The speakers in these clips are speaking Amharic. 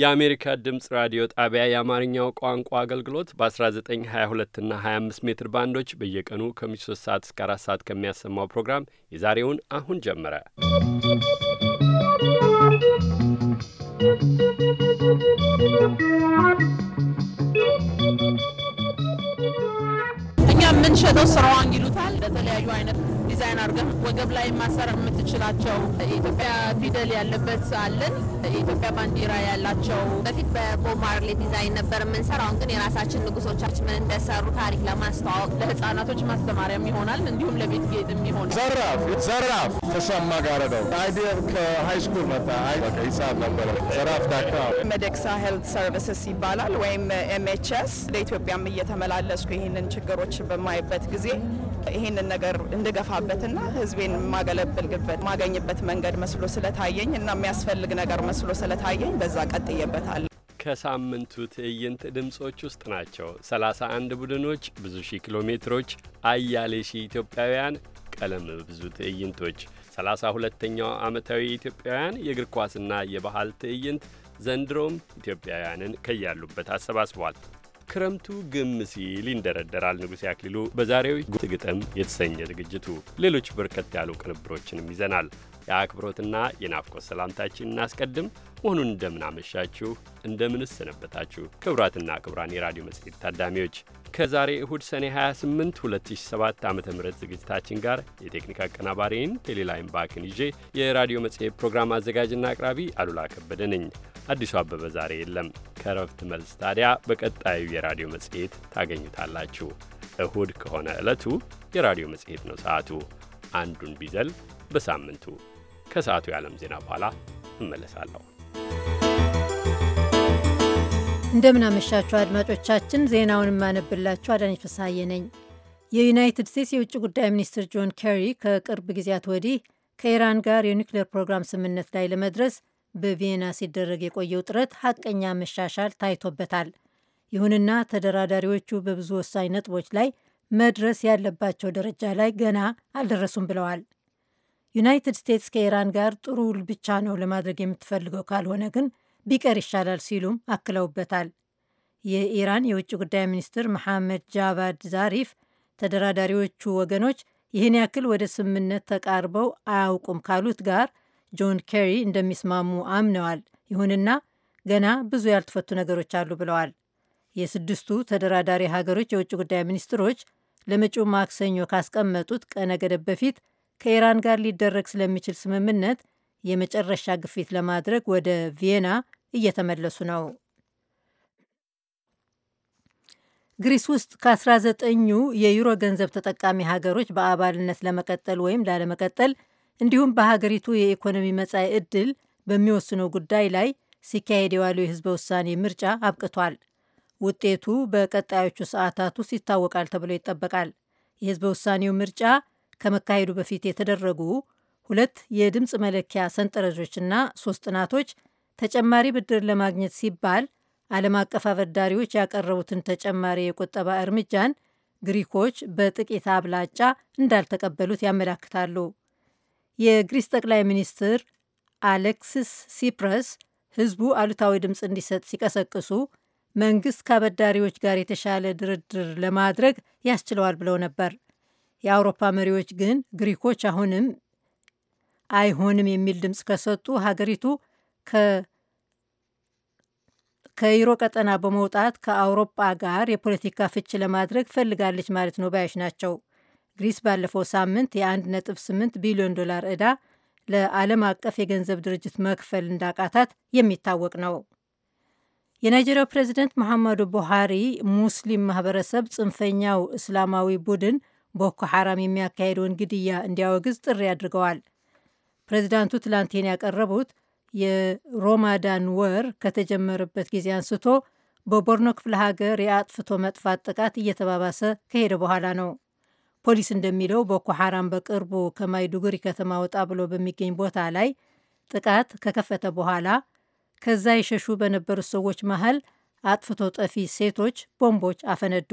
የአሜሪካ ድምፅ ራዲዮ ጣቢያ የአማርኛው ቋንቋ አገልግሎት በ1922 እና 25 ሜትር ባንዶች በየቀኑ ከ3 ሰዓት እስከ 4 ሰዓት ከሚያሰማው ፕሮግራም የዛሬውን አሁን ጀመረ። እኛ የምንሸጠው ስራዋን ይሉታል ለተለያዩ አይነት ዲዛይን አድርገን ወገብ ላይ ማሰር የምትችላቸው የኢትዮጵያ ፊደል ያለበት አለን። የኢትዮጵያ ባንዲራ ያላቸው በፊት በቦብ ማርሌ ዲዛይን ነበር የምንሰራ። አሁን ግን የራሳችን ንጉሶቻችን ምን እንደሰሩ ታሪክ ለማስተዋወቅ ለህፃናቶች ማስተማሪያም ይሆናል፣ እንዲሁም ለቤት ጌጥም ይሆናል። ዘራፍ ዘራፍ ተሰማ ጋር ነው አይዲያ ከሀይ ስኩል መጣ። ሂሳብ ነበረ ዘራፍ ዳካ መደክሳ ሄልት ሰርቪስስ ይባላል ወይም ኤምኤችኤስ ለኢትዮጵያም እየተመላለስኩ ይህንን ችግሮች በማይበት ጊዜ ይሄንን ነገር እንድገፋበትና ህዝቤን የማገለብልበት ማገኝበት መንገድ መስሎ ስለታየኝ እና የሚያስፈልግ ነገር መስሎ ስለታየኝ በዛ ቀጥዬበታለሁ። ከሳምንቱ ትዕይንት ድምጾች ውስጥ ናቸው። ሰላሳ ቡድኖች፣ ብዙ ሺህ ኪሎ ሜትሮች፣ አያሌ ሺህ ኢትዮጵያውያን፣ ቀለም ብዙ ትዕይንቶች። ሰላሳ ሁለተኛው ዓመታዊ ኢትዮጵያውያን የእግር ኳስና የባህል ትዕይንት ዘንድሮም ኢትዮጵያውያንን ከያሉበት አሰባስቧል። ክረምቱ ግም ሲል ይንደረደራል። ንጉሴ አክሊሉ በዛሬው ግጥም የተሰኘ ዝግጅቱ ሌሎች በርከት ያሉ ቅንብሮችንም ይዘናል። የአክብሮትና የናፍቆት ሰላምታችን እናስቀድም። ጤናስጥልኝ እንደምን አመሻችሁ፣ ክብራትና ክብራን ክቡራትና ክቡራን የራዲዮ መጽሔት ታዳሚዎች ከዛሬ እሁድ ሰኔ 28 2007 ዓ ም ዝግጅታችን ጋር የቴክኒክ አቀናባሪን ቴሌላይን ባክን ይዤ የራዲዮ መጽሔት ፕሮግራም አዘጋጅና አቅራቢ አሉላ ከበደ ነኝ። አዲሱ አበበ ዛሬ የለም። ከረፍት መልስ ታዲያ በቀጣዩ የራዲዮ መጽሔት ታገኙታላችሁ። እሁድ ከሆነ ዕለቱ የራዲዮ መጽሔት ነው። ሰዓቱ አንዱን ቢዘል በሳምንቱ ከሰዓቱ የዓለም ዜና በኋላ እመለሳለሁ። እንደምናመሻችሁ አድማጮቻችን፣ ዜናውን የማነብላችሁ አዳነች ፍስሐዬ ነኝ። የዩናይትድ ስቴትስ የውጭ ጉዳይ ሚኒስትር ጆን ኬሪ ከቅርብ ጊዜያት ወዲህ ከኢራን ጋር የኒውክሌር ፕሮግራም ስምምነት ላይ ለመድረስ በቪየና ሲደረግ የቆየው ጥረት ሀቀኛ መሻሻል ታይቶበታል። ይሁንና ተደራዳሪዎቹ በብዙ ወሳኝ ነጥቦች ላይ መድረስ ያለባቸው ደረጃ ላይ ገና አልደረሱም ብለዋል። ዩናይትድ ስቴትስ ከኢራን ጋር ጥሩ ውል ብቻ ነው ለማድረግ የምትፈልገው፣ ካልሆነ ግን ቢቀር ይሻላል ሲሉም አክለውበታል። የኢራን የውጭ ጉዳይ ሚኒስትር መሐመድ ጃቫድ ዛሪፍ ተደራዳሪዎቹ ወገኖች ይህን ያክል ወደ ስምምነት ተቃርበው አያውቁም ካሉት ጋር ጆን ኬሪ እንደሚስማሙ አምነዋል። ይሁንና ገና ብዙ ያልተፈቱ ነገሮች አሉ ብለዋል። የስድስቱ ተደራዳሪ ሀገሮች የውጭ ጉዳይ ሚኒስትሮች ለመጪው ማክሰኞ ካስቀመጡት ቀነ ገደብ በፊት ከኢራን ጋር ሊደረግ ስለሚችል ስምምነት የመጨረሻ ግፊት ለማድረግ ወደ ቪየና እየተመለሱ ነው። ግሪስ ውስጥ ከ19ኙ የዩሮ ገንዘብ ተጠቃሚ ሀገሮች በአባልነት ለመቀጠል ወይም ላለመቀጠል እንዲሁም በሀገሪቱ የኢኮኖሚ መጻኢ ዕድል በሚወስነው ጉዳይ ላይ ሲካሄድ የዋለው የህዝበ ውሳኔ ምርጫ አብቅቷል። ውጤቱ በቀጣዮቹ ሰዓታት ውስጥ ይታወቃል ተብሎ ይጠበቃል። የህዝበ ውሳኔው ምርጫ ከመካሄዱ በፊት የተደረጉ ሁለት የድምፅ መለኪያ ሰንጠረዦችና ሶስት ጥናቶች ተጨማሪ ብድር ለማግኘት ሲባል ዓለም አቀፍ አበዳሪዎች ያቀረቡትን ተጨማሪ የቁጠባ እርምጃን ግሪኮች በጥቂት አብላጫ እንዳልተቀበሉት ያመላክታሉ። የግሪስ ጠቅላይ ሚኒስትር አሌክሲስ ሲፕረስ ህዝቡ አሉታዊ ድምፅ እንዲሰጥ ሲቀሰቅሱ መንግስት ከአበዳሪዎች ጋር የተሻለ ድርድር ለማድረግ ያስችለዋል ብለው ነበር። የአውሮፓ መሪዎች ግን ግሪኮች አሁንም አይሆንም የሚል ድምፅ ከሰጡ ሀገሪቱ ከዩሮ ቀጠና በመውጣት ከአውሮፓ ጋር የፖለቲካ ፍች ለማድረግ ፈልጋለች ማለት ነው ባዮች ናቸው። ግሪስ ባለፈው ሳምንት የ1.8 ቢሊዮን ዶላር ዕዳ ለዓለም አቀፍ የገንዘብ ድርጅት መክፈል እንዳቃታት የሚታወቅ ነው። የናይጄሪያው ፕሬዚደንት መሐመዱ ቡሃሪ ሙስሊም ማህበረሰብ ጽንፈኛው እስላማዊ ቡድን ቦኮ ሐራም የሚያካሄደውን ግድያ እንዲያወግዝ ጥሪ አድርገዋል። ፕሬዚዳንቱ ትላንቴን ያቀረቡት የሮማዳን ወር ከተጀመረበት ጊዜ አንስቶ በቦርኖ ክፍለ ሀገር የአጥፍቶ መጥፋት ጥቃት እየተባባሰ ከሄደ በኋላ ነው። ፖሊስ እንደሚለው ቦኮ ሐራም በቅርቡ ከማይዱጉሪ ከተማ ወጣ ብሎ በሚገኝ ቦታ ላይ ጥቃት ከከፈተ በኋላ ከዛ የሸሹ በነበሩት ሰዎች መሃል አጥፍቶ ጠፊ ሴቶች ቦምቦች አፈነዱ።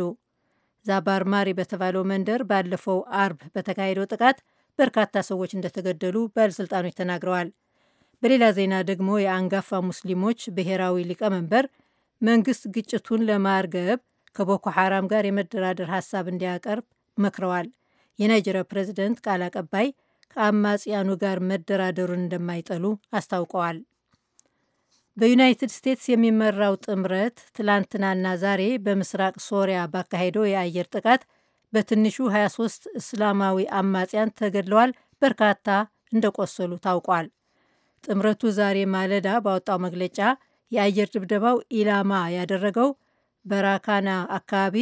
ዛባርማሪ በተባለው መንደር ባለፈው አርብ በተካሄደው ጥቃት በርካታ ሰዎች እንደተገደሉ ባለሥልጣኖች ተናግረዋል። በሌላ ዜና ደግሞ የአንጋፋ ሙስሊሞች ብሔራዊ ሊቀመንበር መንግስት ግጭቱን ለማርገብ ከቦኮ ሐራም ጋር የመደራደር ሀሳብ እንዲያቀርብ መክረዋል። የናይጀሪያ ፕሬዚደንት ቃል አቀባይ ከአማጽያኑ ጋር መደራደሩን እንደማይጠሉ አስታውቀዋል። በዩናይትድ ስቴትስ የሚመራው ጥምረት ትላንትናና ዛሬ በምስራቅ ሶሪያ ባካሄደው የአየር ጥቃት በትንሹ 23 እስላማዊ አማጽያን ተገድለዋል፣ በርካታ እንደቆሰሉ ታውቋል። ጥምረቱ ዛሬ ማለዳ ባወጣው መግለጫ የአየር ድብደባው ኢላማ ያደረገው በራካና አካባቢ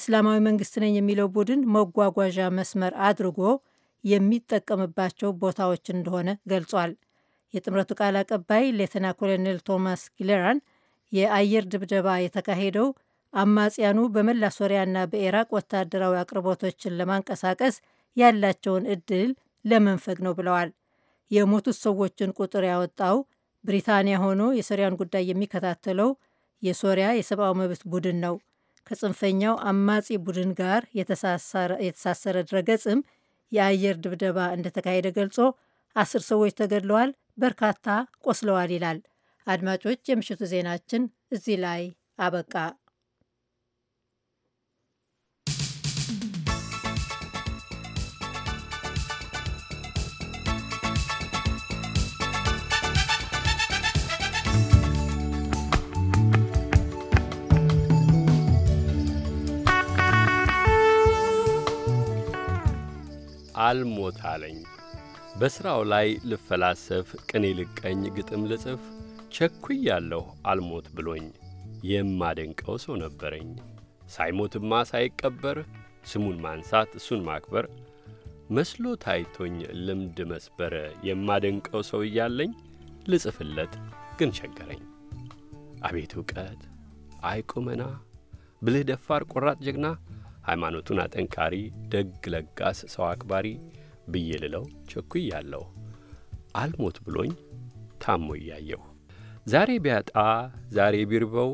እስላማዊ መንግስት ነኝ የሚለው ቡድን መጓጓዣ መስመር አድርጎ የሚጠቀምባቸው ቦታዎች እንደሆነ ገልጿል። የጥምረቱ ቃል አቀባይ ሌተና ኮሎኔል ቶማስ ጊለራን የአየር ድብደባ የተካሄደው አማጽያኑ በመላ ሶሪያና በኢራቅ ወታደራዊ አቅርቦቶችን ለማንቀሳቀስ ያላቸውን እድል ለመንፈግ ነው ብለዋል። የሞቱት ሰዎችን ቁጥር ያወጣው ብሪታንያ ሆኖ የሶሪያን ጉዳይ የሚከታተለው የሶሪያ የሰብአዊ መብት ቡድን ነው። ከጽንፈኛው አማጺ ቡድን ጋር የተሳሰረ ድረገጽም የአየር ድብደባ እንደተካሄደ ገልጾ አስር ሰዎች ተገድለዋል፣ በርካታ ቆስለዋል ይላል። አድማጮች፣ የምሽቱ ዜናችን እዚህ ላይ አበቃ። አልሞታለኝ በሥራው ላይ ልፈላሰፍ፣ ቅኔ ልቀኝ፣ ግጥም ልጽፍ ቸኩያለሁ አልሞት ብሎኝ የማደንቀው ሰው ነበረኝ። ሳይሞትማ ሳይቀበር ስሙን ማንሳት እሱን ማክበር መስሎ ታይቶኝ ልምድ መስበር የማደንቀው ሰው እያለኝ ልጽፍለት ግን ቸገረኝ። አቤት እውቀት አይቁመና ብልህ፣ ደፋር፣ ቆራጥ፣ ጀግና ሃይማኖቱን አጠንካሪ፣ ደግ ለጋስ፣ ሰው አክባሪ ብዬ ልለው ቸኩያለሁ። አልሞት ብሎኝ ታሞ እያየሁ ዛሬ ቢያጣ ዛሬ ቢርበው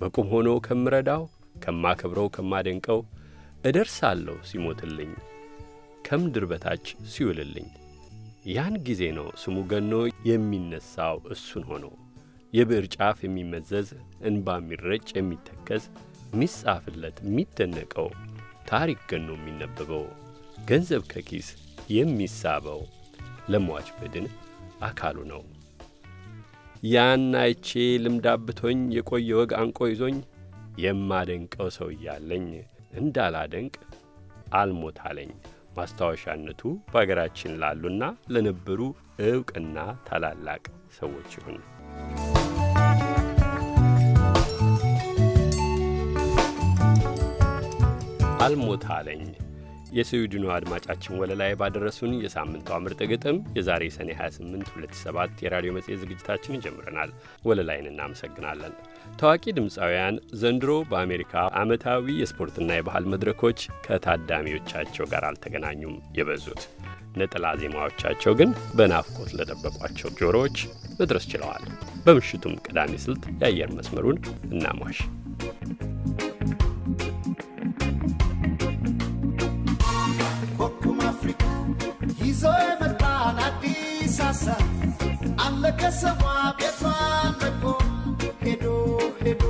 በቁም ሆኖ ከምረዳው ከማከብረው ከማደንቀው እደርሳለሁ ሲሞትልኝ ከምድር በታች ሲውልልኝ ያን ጊዜ ነው ስሙ ገኖ የሚነሳው እሱን ሆኖ የብዕር ጫፍ የሚመዘዝ እንባ የሚረጭ የሚተከዝ የሚጻፍለት የሚደነቀው ታሪክ ገኖ የሚነበበው ገንዘብ ከኪስ የሚሳበው ለሟች በድን አካሉ ነው። ያን አይቼ ልምዳብቶኝ የቆየ ወግ አንቆ ይዞኝ የማደንቀው ሰው እያለኝ እንዳላደንቅ አልሞታለኝ። ማስታወሻነቱ በአገራችን ላሉና ለነበሩ እውቅና ታላላቅ ሰዎች ይሁን። አልሞታለኝ የስዊድኑ አድማጫችን ወለላይ ባደረሱን የሳምንቷ ምርጥ ግጥም የዛሬ ሰኔ 28 2007 የራዲዮ መጽሔት ዝግጅታችንን ጀምረናል። ወለላይን እናመሰግናለን። ታዋቂ ድምፃውያን ዘንድሮ በአሜሪካ ዓመታዊ የስፖርትና የባህል መድረኮች ከታዳሚዎቻቸው ጋር አልተገናኙም የበዙት ነጠላ ዜማዎቻቸው ግን በናፍቆት ለጠበቋቸው ጆሮዎች መድረስ ችለዋል። በምሽቱም ቀዳሚ ስልት የአየር መስመሩን እናሟሽ። በኩም አፍሪካ ይዞ የመጣን አዲስ ሀሳብ አለ ከሰማ ቤቷን ለቆ ሄዶ ሄዶ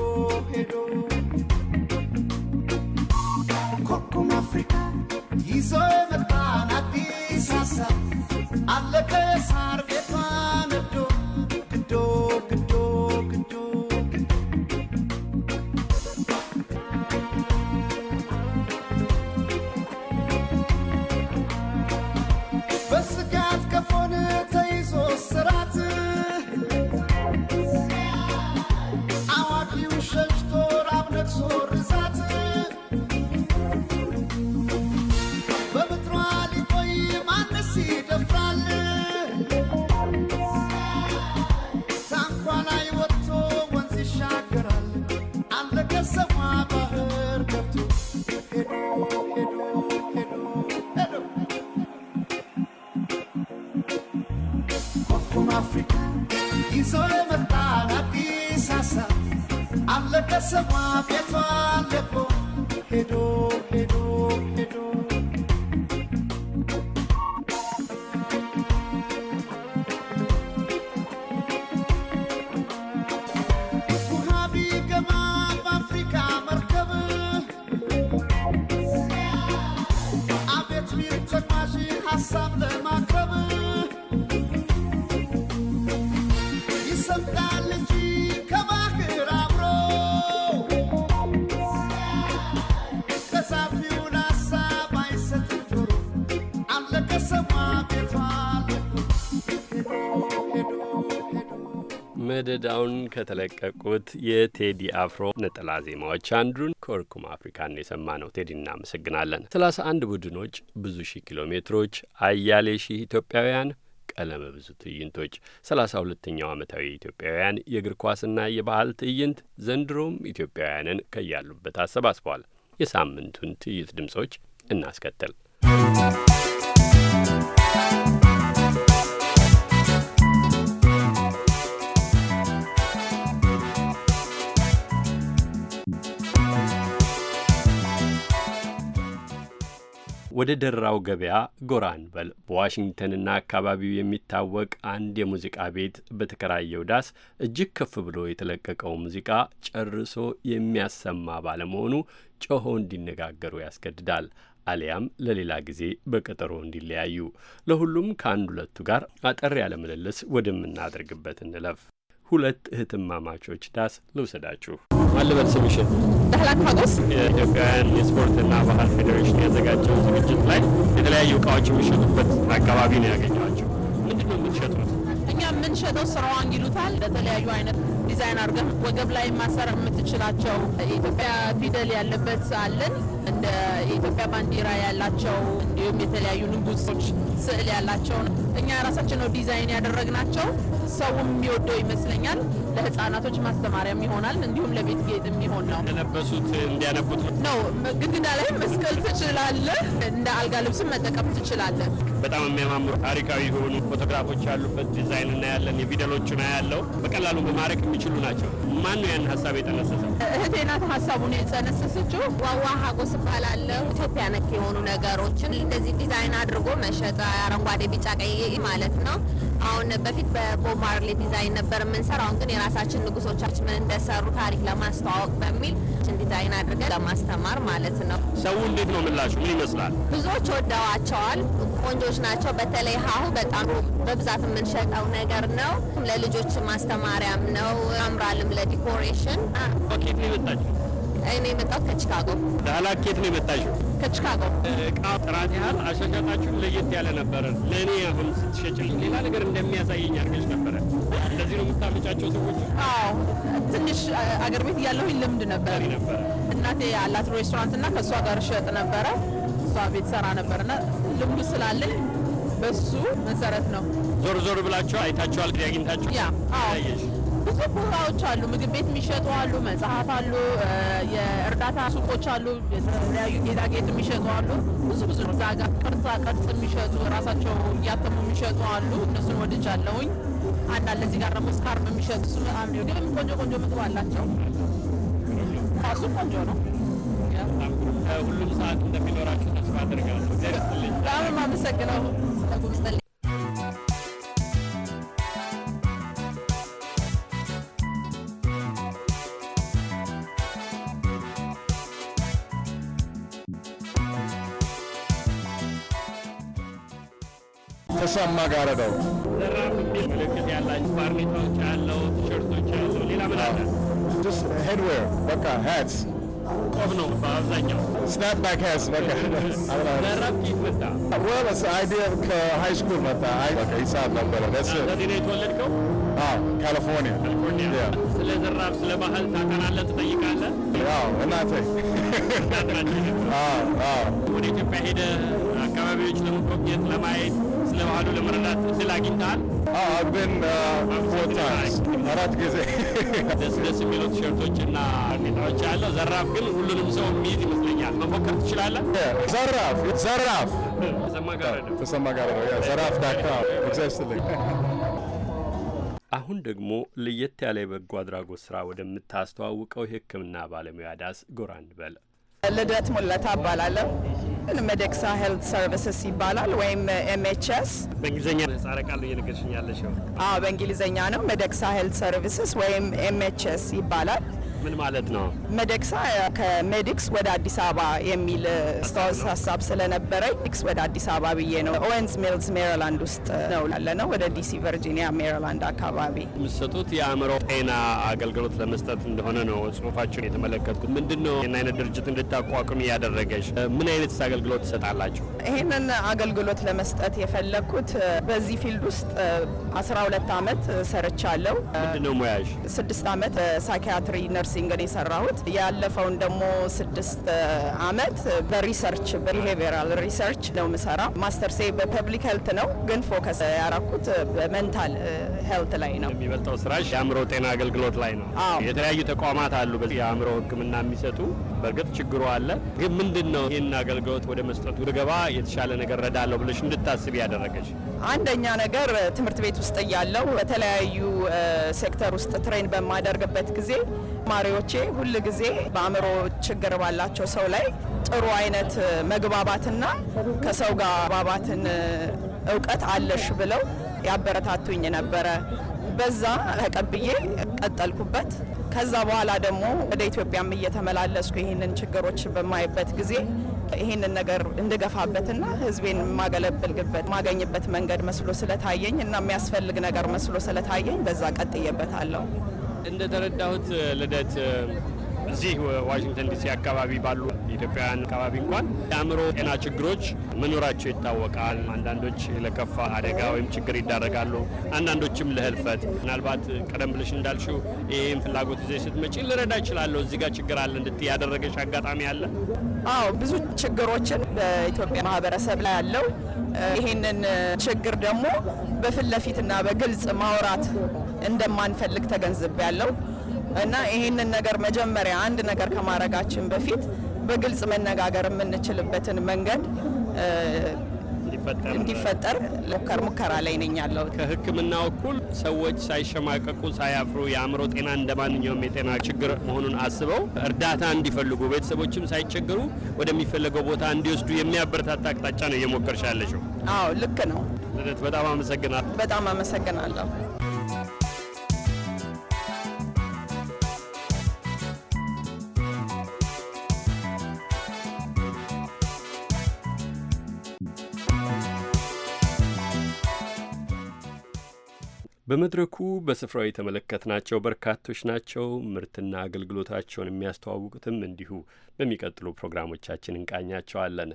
ሄዶ ኮኩም አፍሪካ ይዞ ዳውን ከተለቀቁት የቴዲ አፍሮ ነጠላ ዜማዎች አንዱን ከወርኩም አፍሪካን የሰማ ነው። ቴዲ እናመሰግናለን። ሰላሳ አንድ ቡድኖች፣ ብዙ ሺህ ኪሎ ሜትሮች፣ አያሌ ሺህ ኢትዮጵያውያን ቀለመ ብዙ ትዕይንቶች። ሰላሳ ሁለተኛው ዓመታዊ የኢትዮጵያውያን የእግር ኳስና የባህል ትዕይንት ዘንድሮም ኢትዮጵያውያንን ከያሉበት አሰባስቧል። የሳምንቱን ትዕይንት ድምጾች እናስከትል። ወደ ደራው ገበያ ጎራ እንበል። በዋሽንግተንና አካባቢው የሚታወቅ አንድ የሙዚቃ ቤት በተከራየው ዳስ እጅግ ከፍ ብሎ የተለቀቀው ሙዚቃ ጨርሶ የሚያሰማ ባለመሆኑ ጮሆ እንዲነጋገሩ ያስገድዳል። አሊያም ለሌላ ጊዜ በቀጠሮ እንዲለያዩ። ለሁሉም ከአንድ ሁለቱ ጋር አጠር ያለ ምልልስ ወደምናደርግበት እንለፍ። ሁለት እህትማማቾች ዳስ ልውሰዳችሁ። አለበት ስምሽን ዳህላን ሀጎስ የኢትዮጵያውያን የስፖርትና ባህል ፌዴሬሽን ያዘጋጀው ዝግጅት ላይ የተለያዩ እቃዎች የሚሸጡበት አካባቢ ነው ያገኘኋቸው። ምንድን ነው የምትሸጡት? እኛ የምንሸጠው ስራዋን ይሉታል። ለተለያዩ አይነት ዲዛይን አድርገን ወገብ ላይ ማሰር የምትችላቸው የኢትዮጵያ ፊደል ያለበት አለን። እንደ የኢትዮጵያ ባንዲራ ያላቸው እንዲሁም የተለያዩ ንጉሶች ስዕል ያላቸው እኛ ራሳችን ነው ዲዛይን ያደረግናቸው። ሰውም የሚወደው ይመስለኛል። ለህፃናቶች ማስተማሪያም ይሆናል፣ እንዲሁም ለቤት ጌጥ የሚሆን ነው። ለበሱት እንዲያነቡት ነው። ግድግዳ ላይ መስቀል ትችላለህ። እንደ አልጋ ልብስም መጠቀም ትችላለህ። በጣም የሚያማምሩ ታሪካዊ የሆኑ ፎቶግራፎች ያሉበት ዲዛይን እናያለን። የፊደሎቹ ነው ያለው በቀላሉ በማድረግ የሚችሉ ናቸው። ማን ነው ያን ሀሳብ የጠነሰሰው? እህቴ ናት ሀሳቡን የጸነሰሰችው። ዋዋ ሀጎስ እባላለሁ። ኢትዮጵያ ነክ የሆኑ ነገሮችን እንደዚህ ዲዛይን አድርጎ መሸጥ አረንጓዴ፣ ቢጫ፣ ቀይ ማለት ነው አሁን በፊት በቦማርሌ ዲዛይን ነበር የምንሰራው። አሁን ግን የራሳችን ንጉሶቻችን ምን እንደሰሩ ታሪክ ለማስተዋወቅ በሚል ዲዛይን አድርገን ለማስተማር ማለት ነው። ሰው እንዴት ነው ምላሹ? ምን ይመስላል? ብዙዎች ወደዋቸዋል። ቆንጆች ናቸው። በተለይ ሀሁ በጣም በብዛት የምንሸጠው ነገር ነው። ለልጆች ማስተማሪያም ነው። አምራልም ለዲኮሬሽን ኬት ነው የመጣችው እኔ የመጣሁት ከቺካጎ። ዳላኬት ነው የመጣሽው? ከቺካጎ። እቃ ጥራት ያህል አሻሻጣችሁን ለየት ያለ ነበረ። ለእኔ አሁን ስትሸጭልኝ ሌላ ነገር እንደሚያሳየኝ አድርገሽ ነበረ። እንደዚህ ነው የምታመጫቸው ሰዎች? አዎ፣ ትንሽ አገር ቤት እያለሁኝ ልምድ ነበረ። እናቴ ያላት ሬስቶራንት እና ከእሷ ጋር እሸጥ ነበረ። እሷ ቤት ሰራ ነበርና ልምዱ ስላለኝ በሱ መሰረት ነው። ዞር ዞር ብላችሁ አይታችኋል? አግኝታችሁ? ያ አዎ ብዙ ቦታዎች አሉ። ምግብ ቤት የሚሸጡ አሉ፣ መጽሐፍ አሉ፣ የእርዳታ ሱቆች አሉ፣ የተለያዩ ጌጣጌጥ የሚሸጡ አሉ። ብዙ ብዙ እዛ ጋር ቅርጻ ቅርጽ የሚሸጡ ራሳቸው እያተሙ የሚሸጡ አሉ። እነሱን ወድጃለሁኝ። አንዳንድ እዚህ ጋር ደግሞ እስከ የሚሸጡ እሱ በጣም ግን ቆንጆ ቆንጆ ምግብ አላቸው። ሱ ቆንጆ ነው። ሁሉም ሰዓት እንደሚኖራቸው ተስፋ አድርጋለሁ። በጣም ስለጉምስጠል ሳማ ጋር ነው። ምልክት uh, uh, ah, ስለ ባህል ah, ah. ኢትዮጵያ አካባቢዎች ለመቆየት ለማየት ስለ በዓሉ ለመረዳት እድል አግኝተሃል? አብን አራት ጊዜ ደስ ደስ የሚሉ ቲሸርቶች እና ዘራፍ ግን ሁሉንም ሰው የሚይዝ ይመስለኛል። መፎከር ትችላለህ? ዘራፍ ዘራፍ ተሰማ ጋር ነው ዘራፍ ዳካ አሁን ደግሞ ለየት ያለ የበጎ አድራጎት ስራ ወደምታስተዋውቀው የሕክምና ባለሙያ ዳስ ጎራ እንበል። ልደት ሙለታ እባላለሁ። መደክሳ ሄልት ሰርቪስስ ይባላል ወይም ኤምኤችኤስ በእንግሊዝኛ ጻረ ቃል እየነገርሽኛለሽ? አዎ በእንግሊዝኛ ነው። መደክሳ ሄልት ሰርቪስስ ወይም ኤምኤችኤስ ይባላል። ምን ማለት ነው? መደክሳ ከሜዲክስ ወደ አዲስ አበባ የሚል ስታውስ ሀሳብ ስለነበረ ዲክስ ወደ አዲስ አበባ ብዬ ነው። ኦዌንስ ሚልስ ሜሪላንድ ውስጥ ነው ላለ ነው። ወደ ዲሲ ቨርጂኒያ፣ ሜሪላንድ አካባቢ የምትሰጡት የአእምሮ ጤና አገልግሎት ለመስጠት እንደሆነ ነው ጽሁፋችሁን የተመለከትኩት። ምንድን ነው ይህን አይነት ድርጅት እንድታቋቁም እያደረገች? ምን አይነት አገልግሎት ትሰጣላችሁ? ይህንን አገልግሎት ለመስጠት የፈለግኩት በዚህ ፊልድ ውስጥ 12 ዓመት ሰርቻለሁ። ምንድን ነው ሙያሽ? ስድስት ዓመት ሳይኪያትሪ ነርስ ሲንግል የሰራሁት ያለፈውን ደግሞ ስድስት አመት በሪሰርች በቢሄቪራል ሪሰርች ነው የምሰራ። ማስተርሴ በፐብሊክ ሄልት ነው፣ ግን ፎከስ ያራኩት በመንታል ሄልት ላይ ነው። የሚበልጠው ስራሽ የአእምሮ ጤና አገልግሎት ላይ ነው። የተለያዩ ተቋማት አሉ በዚህ የአእምሮ ህክምና የሚሰጡ። በእርግጥ ችግሩ አለ፣ ግን ምንድን ነው ይህን አገልግሎት ወደ መስጠቱ ብገባ የተሻለ ነገር ረዳለሁ ብለሽ እንድታስብ ያደረገች? አንደኛ ነገር ትምህርት ቤት ውስጥ እያለሁ በተለያዩ ሴክተር ውስጥ ትሬን በማደርግበት ጊዜ ተማሪዎቼ ሁል ጊዜ በአእምሮ ችግር ባላቸው ሰው ላይ ጥሩ አይነት መግባባትና ከሰው ጋር ባባትን እውቀት አለሽ ብለው ያበረታቱኝ ነበረ። በዛ ተቀብዬ ቀጠልኩበት። ከዛ በኋላ ደግሞ ወደ ኢትዮጵያም እየተመላለስኩ ይህንን ችግሮች በማይበት ጊዜ ይህንን ነገር እንድገፋበትና ህዝቤን የማገለብልበት ማገኝበት መንገድ መስሎ ስለታየኝ እና የሚያስፈልግ ነገር መስሎ ስለታየኝ በዛ ቀጥዬበታለሁ። እንደተረዳሁት ልደት እዚህ ዋሽንግተን ዲሲ አካባቢ ባሉ ኢትዮጵያውያን አካባቢ እንኳን የአእምሮ ጤና ችግሮች መኖራቸው ይታወቃል። አንዳንዶች ለከፋ አደጋ ወይም ችግር ይዳረጋሉ፣ አንዳንዶችም ለህልፈት። ምናልባት ቀደም ብለሽ እንዳልሽው ይህም ፍላጎት ይዘሽ ስትመጪ ልረዳ ይችላለሁ እዚህ ጋር ችግር አለ እንድትይ ያደረገሽ አጋጣሚ አለ? አዎ፣ ብዙ ችግሮችን በኢትዮጵያ ማህበረሰብ ላይ ያለው ይህንን ችግር ደግሞ በፊት ለፊትና በግልጽ ማውራት እንደማንፈልግ ተገንዝቤያለሁ እና ይሄንን ነገር መጀመሪያ አንድ ነገር ከማድረጋችን በፊት በግልጽ መነጋገር የምንችልበትን መንገድ እንዲፈጠር ሞከር ሙከራ ላይ ነኝ ያለው። ከህክምና እኩል ሰዎች ሳይሸማቀቁ ሳያፍሩ የአእምሮ ጤና እንደ ማንኛውም የጤና ችግር መሆኑን አስበው እርዳታ እንዲፈልጉ ቤተሰቦችም ሳይቸግሩ ወደሚፈለገው ቦታ እንዲወስዱ የሚያበረታታ አቅጣጫ ነው እየሞከርሻለሽው? አዎ ልክ ነው። ልደት በጣም አመሰግናለሁ። በጣም አመሰግናለሁ። በመድረኩ በስፍራው የተመለከትናቸው በርካቶች ናቸው። ምርትና አገልግሎታቸውን የሚያስተዋውቁትም እንዲሁ በሚቀጥሉ ፕሮግራሞቻችን እንቃኛቸዋለን።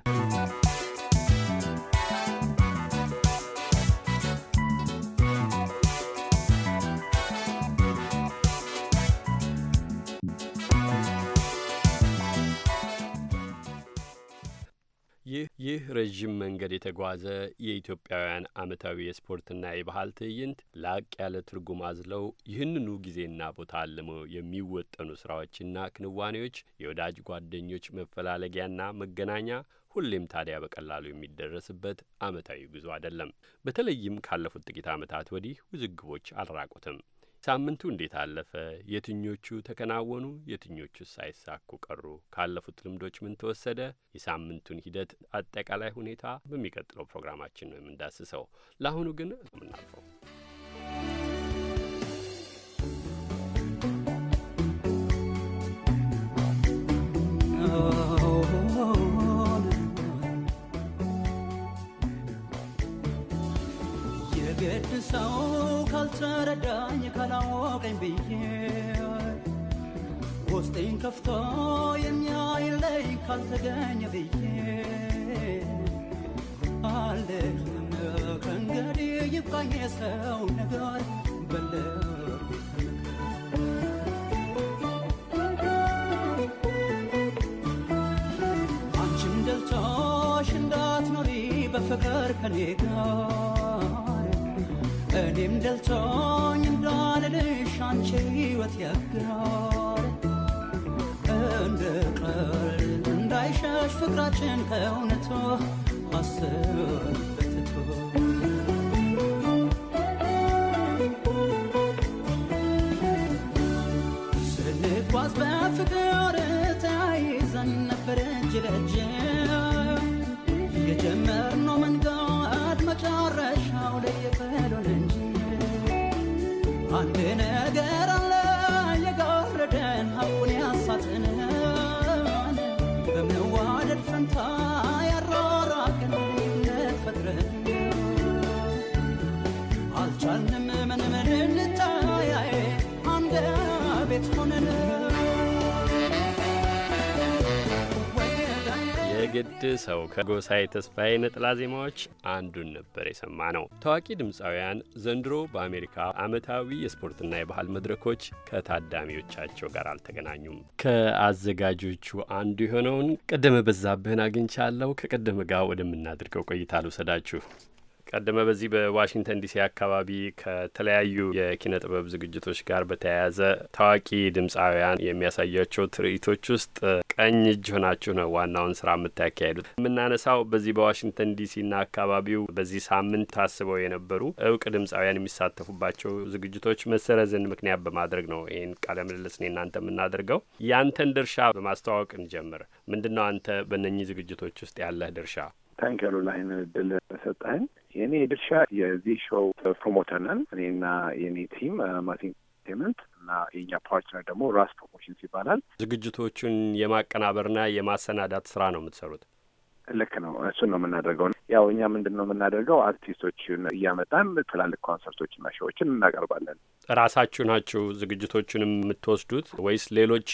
ይህ ረዥም መንገድ የተጓዘ የኢትዮጵያውያን አመታዊ የስፖርትና የባህል ትዕይንት ላቅ ያለ ትርጉም አዝለው ይህንኑ ጊዜና ቦታ አልመው የሚወጠኑ ስራዎችና ክንዋኔዎች የወዳጅ ጓደኞች መፈላለጊያና መገናኛ ሁሌም ታዲያ በቀላሉ የሚደረስበት አመታዊ ጉዞ አይደለም። በተለይም ካለፉት ጥቂት ዓመታት ወዲህ ውዝግቦች አልራቁትም። ሳምንቱ እንዴት አለፈ? የትኞቹ ተከናወኑ? የትኞቹ ሳይሳኩ ቀሩ? ካለፉት ልምዶች ምን ተወሰደ? የሳምንቱን ሂደት አጠቃላይ ሁኔታ በሚቀጥለው ፕሮግራማችን ነው የምንዳስሰው። ለአሁኑ ግን ምናልፈው Oh ካልተገኘ ብዬ አልደክም ከእንግዲህ ይብቃኝ ሰው ሰው ከጎሳዬ ተስፋዬ ነጠላ ዜማዎች አንዱን ነበር የሰማ ነው። ታዋቂ ድምፃውያን ዘንድሮ በአሜሪካ ዓመታዊ የስፖርትና የባህል መድረኮች ከታዳሚዎቻቸው ጋር አልተገናኙም። ከአዘጋጆቹ አንዱ የሆነውን ቀደመ በዛብህን አግኝቻለሁ። ከቀደመ ጋር ወደምናደርገው ቆይታ አልውሰዳችሁ። ቀደመ በዚህ በዋሽንግተን ዲሲ አካባቢ ከተለያዩ የኪነ ጥበብ ዝግጅቶች ጋር በተያያዘ ታዋቂ ድምፃውያን የሚያሳያቸው ትርኢቶች ውስጥ ቀኝ እጅ ሆናችሁ ነው ዋናውን ስራ የምታካሄዱት። የምናነሳው በዚህ በዋሽንግተን ዲሲና አካባቢው በዚህ ሳምንት ታስበው የነበሩ እውቅ ድምፃውያን የሚሳተፉባቸው ዝግጅቶች መሰረዝን ምክንያት በማድረግ ነው። ይህን ቃለ ምልልስ እኔ እናንተ የምናደርገው ያንተን ድርሻ በማስተዋወቅ እንጀምር። ምንድን ነው አንተ በእነኚህ ዝግጅቶች ውስጥ ያለህ ድርሻ? ታንክ ያሉ ላይን እድል ሰጠህን። የእኔ ድርሻ የዚህ ሾው ፕሮሞተር ነን። እኔና የእኔ ቲም ማቲን ኢንተርቴንመንት እና የኛ ፓርትነር ደግሞ ራስ ፕሮሞሽንስ ይባላል። ዝግጅቶቹን የማቀናበርና የማሰናዳት ስራ ነው የምትሰሩት? ልክ ነው። እሱን ነው የምናደርገው። ያው እኛ ምንድን ነው የምናደርገው አርቲስቶችን እያመጣን ትላልቅ ኮንሰርቶችና ሾዎችን እናቀርባለን። ራሳችሁ ናችሁ ዝግጅቶቹንም የምትወስዱት ወይስ ሌሎች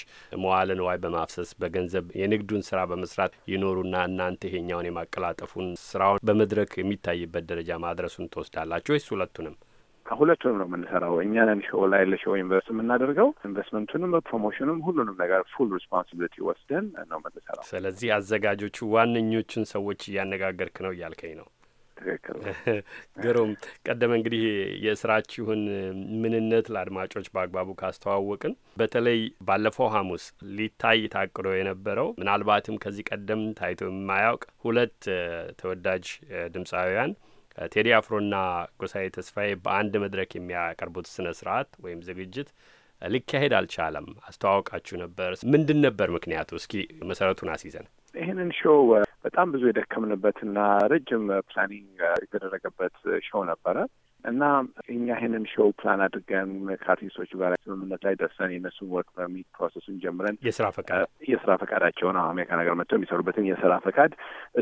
መዋለ ንዋይ በማፍሰስ በገንዘብ የንግዱን ስራ በመስራት ይኖሩና እናንተ ይሄኛውን የማቀላጠፉን ስራውን በመድረክ የሚታይበት ደረጃ ማድረሱን ትወስዳላችሁ ወይስ ሁለቱንም? ከሁለቱንም ነው የምንሰራው። እኛ ነን ሾው ላይ ለሾው ኢንቨስት የምናደርገው። ኢንቨስትመንቱንም፣ ፕሮሞሽኑም ሁሉንም ነገር ፉል ሪስፖንሲቢሊቲ ወስደን ነው የምንሰራው። ስለዚህ አዘጋጆቹ ዋነኞቹን ሰዎች እያነጋገርክ ነው እያልከኝ ነው። ትክክል። ግሩም። ቀደመ እንግዲህ የስራችሁን ምንነት ለአድማጮች በአግባቡ ካስተዋወቅን፣ በተለይ ባለፈው ሐሙስ ሊታይ ታቅዶ የነበረው ምናልባትም ከዚህ ቀደም ታይቶ የማያውቅ ሁለት ተወዳጅ ድምፃውያን ቴዲ አፍሮና ጎሳዬ ተስፋዬ በአንድ መድረክ የሚያቀርቡት ስነ ስርዓት ወይም ዝግጅት ሊካሄድ አልቻለም። አስተዋወቃችሁ ነበር። ምንድን ነበር ምክንያቱ? እስኪ መሰረቱን አስይዘን። ይህንን ሾው በጣም ብዙ የደከምንበትና ረጅም ፕላኒንግ የተደረገበት ሾው ነበረ። እና እኛ ይህንን ሾው ፕላን አድርገን ከአርቲስቶቹ ጋር ስምምነት ላይ ደርሰን የእነሱን ወርክ በሚት ፕሮሰሱን ጀምረን የስራ ፈቃድ የስራ ፈቃዳቸውን አሜሪካን ሀገር መጥተው የሚሰሩበትን የስራ ፈቃድ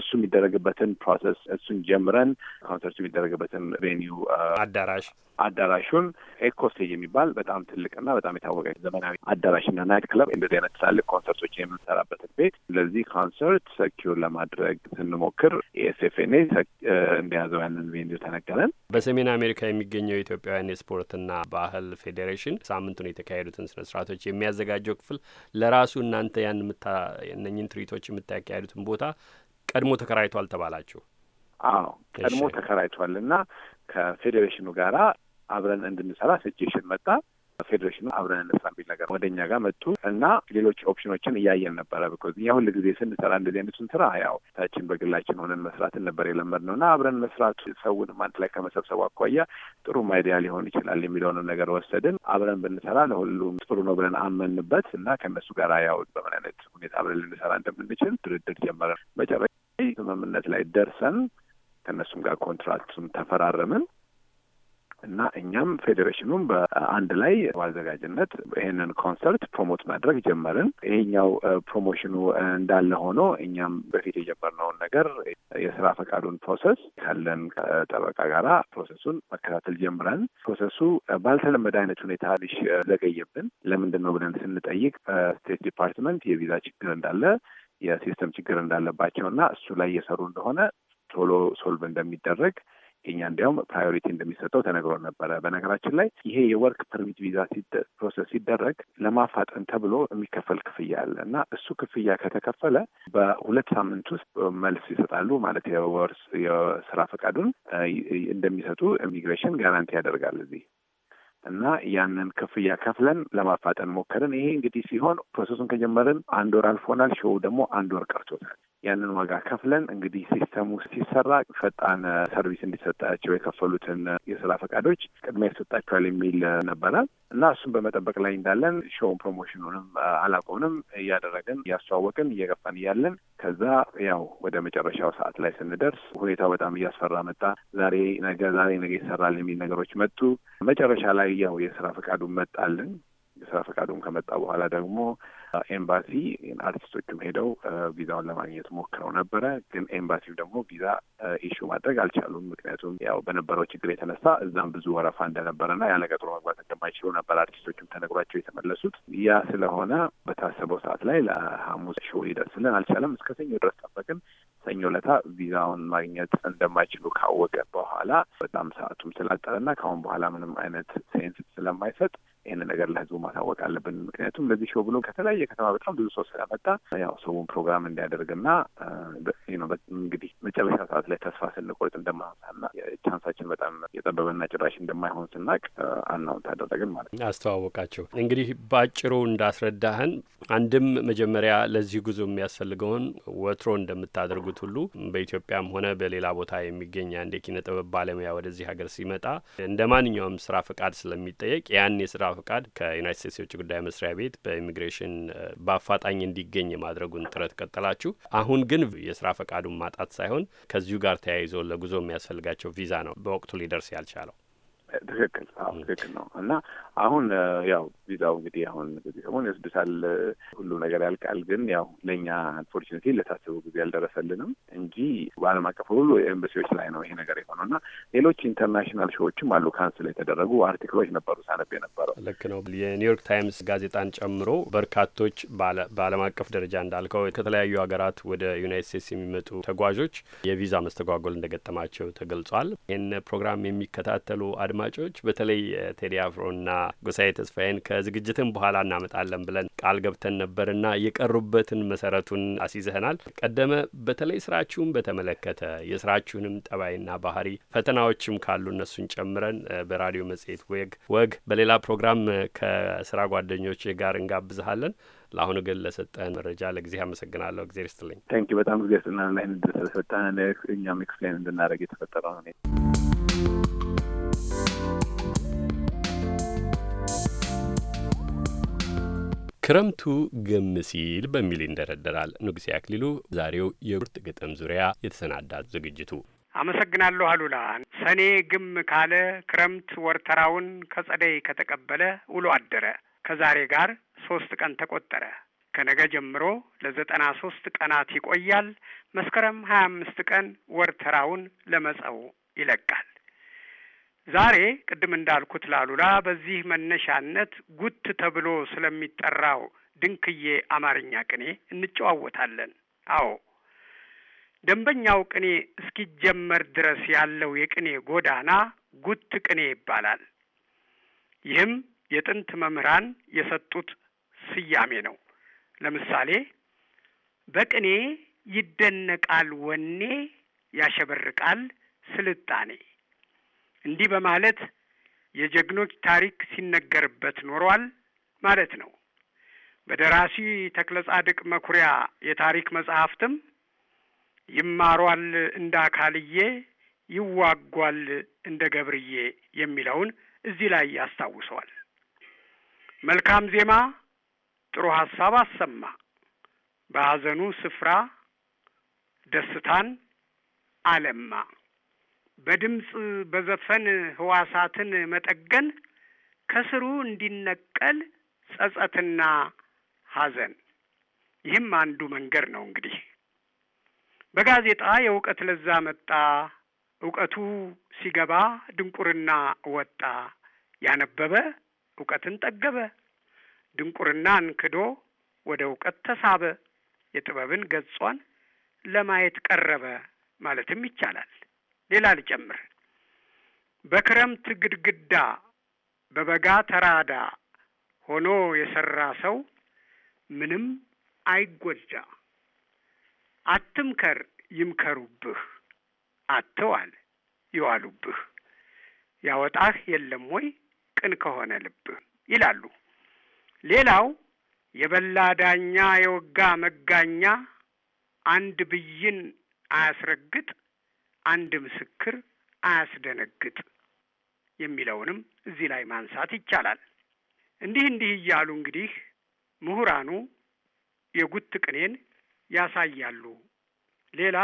እሱ የሚደረግበትን ፕሮሰስ እሱን ጀምረን ኮንሰርቱ የሚደረግበትን ቬኒው አዳራሽ አዳራሹን ኤኮ ስቴጅ የሚባል በጣም ትልቅና በጣም የታወቀ ዘመናዊ አዳራሽና ናይት ክለብ እንደዚህ አይነት ትላልቅ ኮንሰርቶችን የምንሰራበትን ቤት ለዚህ ኮንሰርት ሰኪዩር ለማድረግ ስንሞክር ኤስኤፍኔ እንደያዘው ያንን ቬኒው ተነገረን በሰሜን አሜሪካ አሜሪካ የሚገኘው የኢትዮጵያውያን የስፖርትና ባህል ፌዴሬሽን ሳምንቱን የተካሄዱትን ስነ ስርዓቶች የሚያዘጋጀው ክፍል ለራሱ እናንተ ያን እነኝን ትርኢቶች የምታካሄዱትን ቦታ ቀድሞ ተከራይቷል ተባላችሁ? አዎ ቀድሞ ተከራይቷል እና ከፌዴሬሽኑ ጋራ አብረን እንድንሰራ ሰጀሽን መጣ። ፌዴሬሽኑ አብረን እንስራ የሚል ነገር ወደኛ ጋር መጡ እና ሌሎች ኦፕሽኖችን እያየን ነበረ። ቢኮዝ እኛ ሁል ጊዜ ስንሰራ እንደዚህ አይነቱን ስራ ያው ታችን በግላችን ሆነን መስራትን ነበር የለመድነው እና አብረን መስራቱ ሰውንም አንድ ላይ ከመሰብሰቡ አኳያ ጥሩ አይዲያ ሊሆን ይችላል የሚለውንም ነገር ወሰድን። አብረን ብንሰራ ለሁሉም ጥሩ ነው ብለን አመንበት እና ከእነሱ ጋር ያው በምን አይነት ሁኔታ አብረን ልንሰራ እንደምንችል ድርድር ጀመረ። መጨረሻ ስምምነት ላይ ደርሰን ከእነሱም ጋር ኮንትራክቱን ተፈራረምን። እና እኛም ፌዴሬሽኑም በአንድ ላይ በአዘጋጅነት ይሄንን ኮንሰርት ፕሮሞት ማድረግ ጀመርን። ይሄኛው ፕሮሞሽኑ እንዳለ ሆኖ እኛም በፊት የጀመርነውን ነገር የስራ ፈቃዱን ፕሮሰስ ካለን ጠበቃ ጋራ ፕሮሰሱን መከታተል ጀምረን ፕሮሰሱ ባልተለመደ አይነት ሁኔታ ልሽ ዘገየብን። ለምንድን ነው ብለን ስንጠይቅ ስቴት ዲፓርትመንት የቪዛ ችግር እንዳለ የሲስተም ችግር እንዳለባቸው እና እሱ ላይ እየሰሩ እንደሆነ ቶሎ ሶልቭ እንደሚደረግ እኛ እንዲያውም ፕራዮሪቲ እንደሚሰጠው ተነግሮ ነበረ። በነገራችን ላይ ይሄ የወርክ ፐርሚት ቪዛ ፕሮሰስ ሲደረግ ለማፋጠን ተብሎ የሚከፈል ክፍያ አለ እና እሱ ክፍያ ከተከፈለ በሁለት ሳምንት ውስጥ መልስ ይሰጣሉ ማለት የወርስ የስራ ፈቃዱን እንደሚሰጡ ኢሚግሬሽን ጋራንቲ ያደርጋል እዚህ እና ያንን ክፍያ ከፍለን ለማፋጠን ሞከርን። ይሄ እንግዲህ ሲሆን ፕሮሰሱን ከጀመርን አንድ ወር አልፎናል። ሾው ደግሞ አንድ ወር ቀርቶታል። ያንን ዋጋ ከፍለን እንግዲህ ሲስተሙ ሲሰራ ፈጣን ሰርቪስ እንዲሰጣቸው የከፈሉትን የስራ ፈቃዶች ቅድሚያ ይሰጣቸዋል የሚል ነበራል እና እሱን በመጠበቅ ላይ እንዳለን ሾውን ፕሮሞሽኑንም አላቆንም እያደረግን እያስተዋወቅን እየገፋን እያለን ከዛ ያው ወደ መጨረሻው ሰዓት ላይ ስንደርስ ሁኔታው በጣም እያስፈራ መጣ። ዛሬ ነገ፣ ዛሬ ነገ ይሰራል የሚል ነገሮች መጡ። መጨረሻ ላይ ያው የስራ ፈቃዱን መጣልን። የስራ ፈቃዱም ከመጣ በኋላ ደግሞ ኤምባሲ አርቲስቶቹም ሄደው ቪዛውን ለማግኘት ሞክረው ነበረ። ግን ኤምባሲው ደግሞ ቪዛ ኢሹ ማድረግ አልቻሉም። ምክንያቱም ያው በነበረው ችግር የተነሳ እዛም ብዙ ወረፋ እንደነበረና ያለ ቀጠሮ መግባት እንደማይችሉ ነበር አርቲስቶቹም ተነግሯቸው የተመለሱት። ያ ስለሆነ በታሰበው ሰዓት ላይ ለሐሙስ ሾው ሊደርስልን አልቻለም። እስከ ሰኞ ድረስ ጠበቅን። ሰኞ ለታ ቪዛውን ማግኘት እንደማይችሉ ካወቀ በኋላ በጣም ሰዓቱም ስላጠረና ከአሁን በኋላ ምንም አይነት ሴንስ ስለማይሰጥ ይህን ነገር ለህዝቡ ማሳወቅ አለብን። ምክንያቱም ለዚህ ሾው ብሎ ከተለያየ ከተማ በጣም ብዙ ሰው ስለመጣ ያው ሰውን ፕሮግራም እንዲያደርግና እንግዲህ መጨረሻ ሰዓት ላይ ተስፋ ስንቆርጥ እንደማንሳና ቻንሳችን በጣም የጠበበና ጭራሽ እንደማይሆን ስናቅ አናውን ታደረግን ማለት ነው። አስተዋወቃቸው እንግዲህ በአጭሩ እንዳስረዳህን አንድም መጀመሪያ ለዚህ ጉዞ የሚያስፈልገውን ወትሮ እንደምታደርጉት ሁሉ በኢትዮጵያም ሆነ በሌላ ቦታ የሚገኝ አንድ የኪነ ጥበብ ባለሙያ ወደዚህ ሀገር ሲመጣ እንደ ማንኛውም ስራ ፈቃድ ስለሚጠየቅ ያን የስራ ፈቃድ ከዩናይት ስቴትስ የውጭ ጉዳይ መስሪያ ቤት በኢሚግሬሽን በአፋጣኝ እንዲገኝ የማድረጉን ጥረት ቀጠላችሁ። አሁን ግን የስራ ፈቃዱን ማጣት ሳይሆን ከዚሁ ጋር ተያይዞ ለጉዞ የሚያስፈልጋቸው ቪዛ ነው በወቅቱ ሊደርስ ያልቻለው። ትክክል ትክክል ነው። እና አሁን ያው ቪዛው እንግዲህ አሁን ሰሞን ይወስድታል፣ ሁሉ ነገር ያልቃል። ግን ያው ለእኛ አንፎርቹኔትሊ ለታሰቡ ጊዜ አልደረሰልንም እንጂ በዓለም አቀፍ ሁሉ ኤምባሲዎች ላይ ነው ይሄ ነገር የሆነው እና ሌሎች ኢንተርናሽናል ሾዎችም አሉ ካንስል የተደረጉ አርቲክሎች ነበሩ ሳነብ የነበረው። ልክ ነው። የኒውዮርክ ታይምስ ጋዜጣን ጨምሮ በርካቶች በዓለም አቀፍ ደረጃ እንዳልከው ከተለያዩ ሀገራት ወደ ዩናይት ስቴትስ የሚመጡ ተጓዦች የቪዛ መስተጓጎል እንደገጠማቸው ተገልጿል። ይህን ፕሮግራም የሚከታተሉ አድማ አድማጮች በተለይ ቴዲ አፍሮና ጎሳዬ ተስፋዬን ከዝግጅትን በኋላ እናመጣለን ብለን ቃል ገብተን ነበርና የቀሩበትን መሰረቱን አስይዘህናል። ቀደመ በተለይ ስራችሁን በተመለከተ የስራችሁንም ጠባይና ባህሪ ፈተናዎችም ካሉ እነሱን ጨምረን በራዲዮ መጽሔት ወግ ወግ በሌላ ፕሮግራም ከስራ ጓደኞች ጋር እንጋብዝሃለን። ለአሁኑ ግን ለሰጠን መረጃ ለጊዜ አመሰግናለሁ። እግዜር ይስጥልኝ። ታንኪ በጣም እግዜር ስጥና ላይ ስለሰጠን እኛም ኤክስፕሌን እንድናደረግ የተፈጠረው ሁኔታ ክረምቱ ግም ሲል በሚል ይንደረደራል። ንጉሴ አክሊሉ ዛሬው የቁርጥ ግጥም ዙሪያ የተሰናዳ ዝግጅቱ። አመሰግናለሁ አሉላ። ሰኔ ግም ካለ ክረምት ወርተራውን ከጸደይ ከተቀበለ ውሎ አደረ። ከዛሬ ጋር ሶስት ቀን ተቆጠረ። ከነገ ጀምሮ ለዘጠና ሶስት ቀናት ይቆያል። መስከረም ሀያ አምስት ቀን ወርተራውን ለመጸው ይለቃል። ዛሬ ቅድም እንዳልኩት ላሉላ በዚህ መነሻነት ጉት ተብሎ ስለሚጠራው ድንክዬ አማርኛ ቅኔ እንጨዋወታለን። አዎ ደንበኛው ቅኔ እስኪጀመር ድረስ ያለው የቅኔ ጎዳና ጉት ቅኔ ይባላል። ይህም የጥንት መምህራን የሰጡት ስያሜ ነው። ለምሳሌ በቅኔ ይደነቃል ወኔ፣ ያሸበርቃል ስልጣኔ እንዲህ በማለት የጀግኖች ታሪክ ሲነገርበት ኖሯል ማለት ነው። በደራሲ ተክለ ጻድቅ መኩሪያ የታሪክ መጽሐፍትም ይማሯል እንደ አካልዬ፣ ይዋጓል እንደ ገብርዬ የሚለውን እዚህ ላይ ያስታውሰዋል። መልካም ዜማ ጥሩ ሀሳብ አሰማ፣ በሐዘኑ ስፍራ ደስታን አለማ። በድምፅ በዘፈን ህዋሳትን መጠገን ከስሩ እንዲነቀል ጸጸትና ሐዘን። ይህም አንዱ መንገድ ነው። እንግዲህ በጋዜጣ የእውቀት ለዛ መጣ፣ እውቀቱ ሲገባ ድንቁርና ወጣ። ያነበበ እውቀትን ጠገበ፣ ድንቁርናን ክዶ ወደ እውቀት ተሳበ፣ የጥበብን ገጿን ለማየት ቀረበ ማለትም ይቻላል። ሌላ ልጨምር። በክረምት ግድግዳ በበጋ ተራዳ ሆኖ የሰራ ሰው ምንም አይጎዳ። አትምከር ይምከሩብህ፣ አትዋል ይዋሉብህ፣ ያወጣህ የለም ወይ ቅን ከሆነ ልብህ ይላሉ። ሌላው የበላ ዳኛ የወጋ መጋኛ አንድ ብይን አያስረግጥ አንድ ምስክር አያስደነግጥ የሚለውንም እዚህ ላይ ማንሳት ይቻላል። እንዲህ እንዲህ እያሉ እንግዲህ ምሁራኑ የጉት ቅኔን ያሳያሉ። ሌላ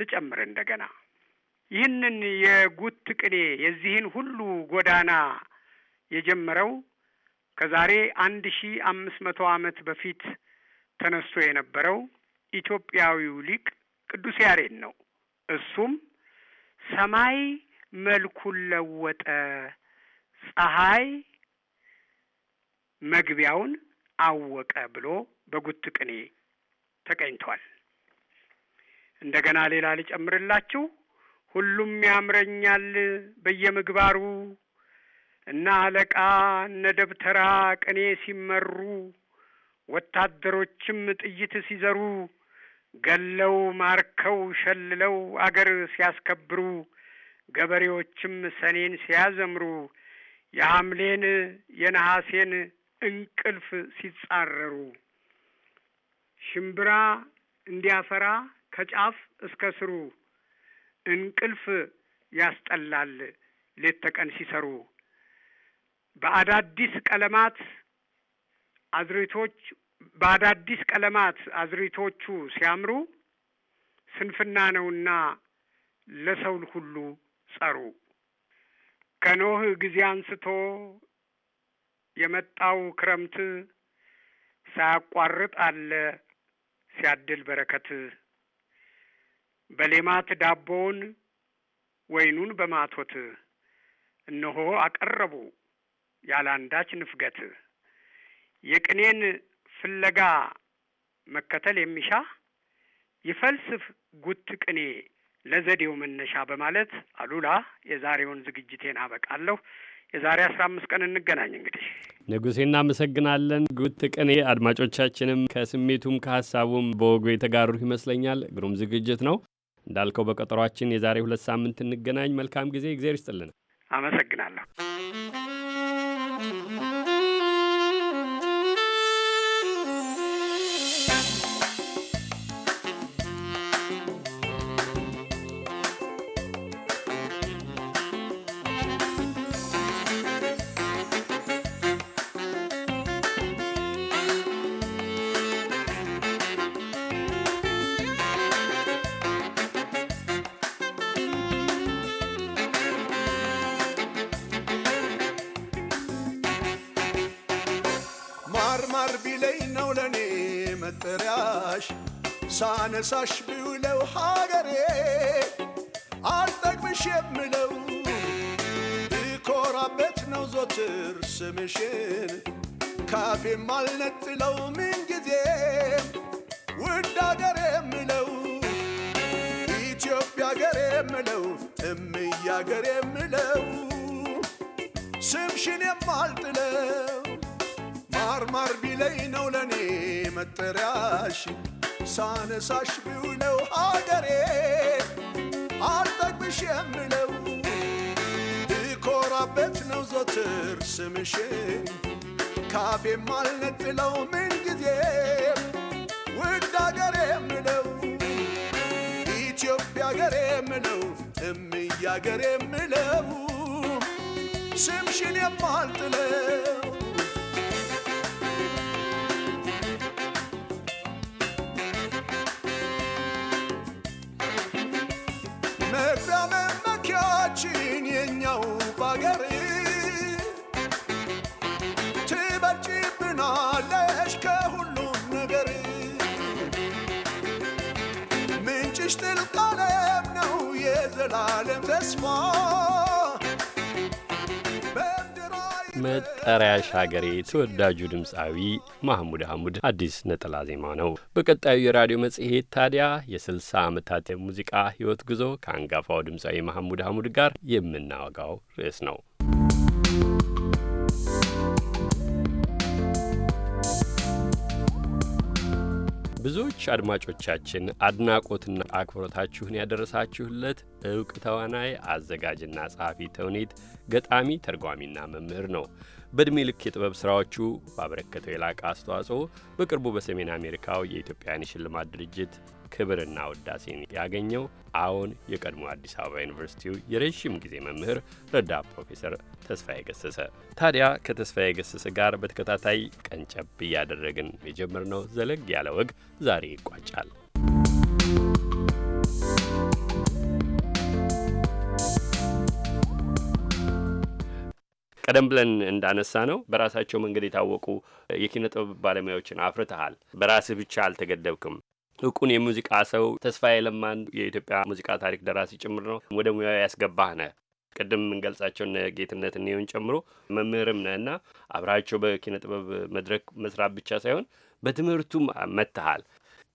ልጨምር እንደገና ይህንን የጉት ቅኔ የዚህን ሁሉ ጎዳና የጀመረው ከዛሬ አንድ ሺ አምስት መቶ ዓመት በፊት ተነስቶ የነበረው ኢትዮጵያዊው ሊቅ ቅዱስ ያሬድ ነው። እሱም ሰማይ መልኩን ለወጠ፣ ፀሐይ መግቢያውን አወቀ ብሎ በጉት ቅኔ ተቀኝቷል። እንደገና ሌላ ልጨምርላችሁ። ሁሉም ያምረኛል በየምግባሩ እነ አለቃ እነ ደብተራ ቅኔ ሲመሩ ወታደሮችም ጥይት ሲዘሩ ገለው ማርከው ሸልለው አገር ሲያስከብሩ ገበሬዎችም ሰኔን ሲያዘምሩ የሐምሌን የነሐሴን እንቅልፍ ሲጻረሩ ሽምብራ እንዲያፈራ ከጫፍ እስከ ስሩ እንቅልፍ ያስጠላል ሌት ተቀን ሲሰሩ በአዳዲስ ቀለማት አዝርቶች በአዳዲስ ቀለማት አዝሪቶቹ ሲያምሩ ስንፍና ነውና ለሰው ሁሉ ጸሩ። ከኖህ ጊዜ አንስቶ የመጣው ክረምት ሳያቋርጥ አለ ሲያድል በረከት በሌማት ዳቦውን ወይኑን በማቶት እነሆ አቀረቡ ያለ አንዳች ንፍገት የቅኔን ፍለጋ መከተል የሚሻ ይፈልስፍ ጉት ቅኔ ለዘዴው መነሻ በማለት አሉላ የዛሬውን ዝግጅቴን አበቃለሁ። የዛሬ አስራ አምስት ቀን እንገናኝ። እንግዲህ ንጉሴ እናመሰግናለን። ጉት ቅኔ አድማጮቻችንም ከስሜቱም ከሀሳቡም በወጉ የተጋሩ ይመስለኛል። ግሩም ዝግጅት ነው። እንዳልከው በቀጠሯችን የዛሬ ሁለት ሳምንት እንገናኝ። መልካም ጊዜ። እግዜር ይስጥልን። አመሰግናለሁ። መነሳሽ ቢውነው ሀገሬ አልጠግብሽ የምለው እኮራበት ነው ዞትር ስምሽን ካፌም አልነጥለው ምን ውድ አገሬ ምለው ኢትዮጵያ አገሬ ምለው እምዬ አገሬ ምለው ስምሽን የማልጥለው ትንሽ ጥልቅ ዓለም ነው የዘላለም ተስፋ መጠሪያሽ ሀገሬ ተወዳጁ ድምፃዊ ማህሙድ አህሙድ አዲስ ነጠላ ዜማ ነው። በቀጣዩ የራዲዮ መጽሔት ታዲያ የስልሳ ዓመታት የሙዚቃ ህይወት ጉዞ ከአንጋፋው ድምፃዊ ማህሙድ አህሙድ ጋር የምናወጋው ርዕስ ነው። ብዙዎች አድማጮቻችን አድናቆትና አክብሮታችሁን ያደረሳችሁለት እውቅ ተዋናይ፣ አዘጋጅና ጸሐፊ ተውኔት፣ ገጣሚ፣ ተርጓሚና መምህር ነው። በዕድሜ ልክ የጥበብ ሥራዎቹ ባበረከተው የላቀ አስተዋጽኦ በቅርቡ በሰሜን አሜሪካው የኢትዮጵያን የሽልማት ድርጅት ክብርና ውዳሴን ያገኘው አሁን የቀድሞ አዲስ አበባ ዩኒቨርሲቲው የረዥም ጊዜ መምህር ረዳት ፕሮፌሰር ተስፋዬ ገሰሰ። ታዲያ ከተስፋዬ ገሰሰ ጋር በተከታታይ ቀንጨብ እያደረግን የጀመርነው ዘለግ ያለ ወግ ዛሬ ይቋጫል። ቀደም ብለን እንዳነሳ ነው በራሳቸው መንገድ የታወቁ የኪነ ጥበብ ባለሙያዎችን አፍርተሃል። በራስህ ብቻ አልተገደብክም። እውቁን የሙዚቃ ሰው ተስፋዬ ለማን የኢትዮጵያ ሙዚቃ ታሪክ ደራሲ ጭምር ነው ወደ ሙያው ያስገባህ ነ ቅድም የምንገልጻቸውን ጌትነት እንየውን ጨምሮ መምህርም እና አብረሃቸው በኪነ ጥበብ መድረክ መስራት ብቻ ሳይሆን በትምህርቱም መትሃል።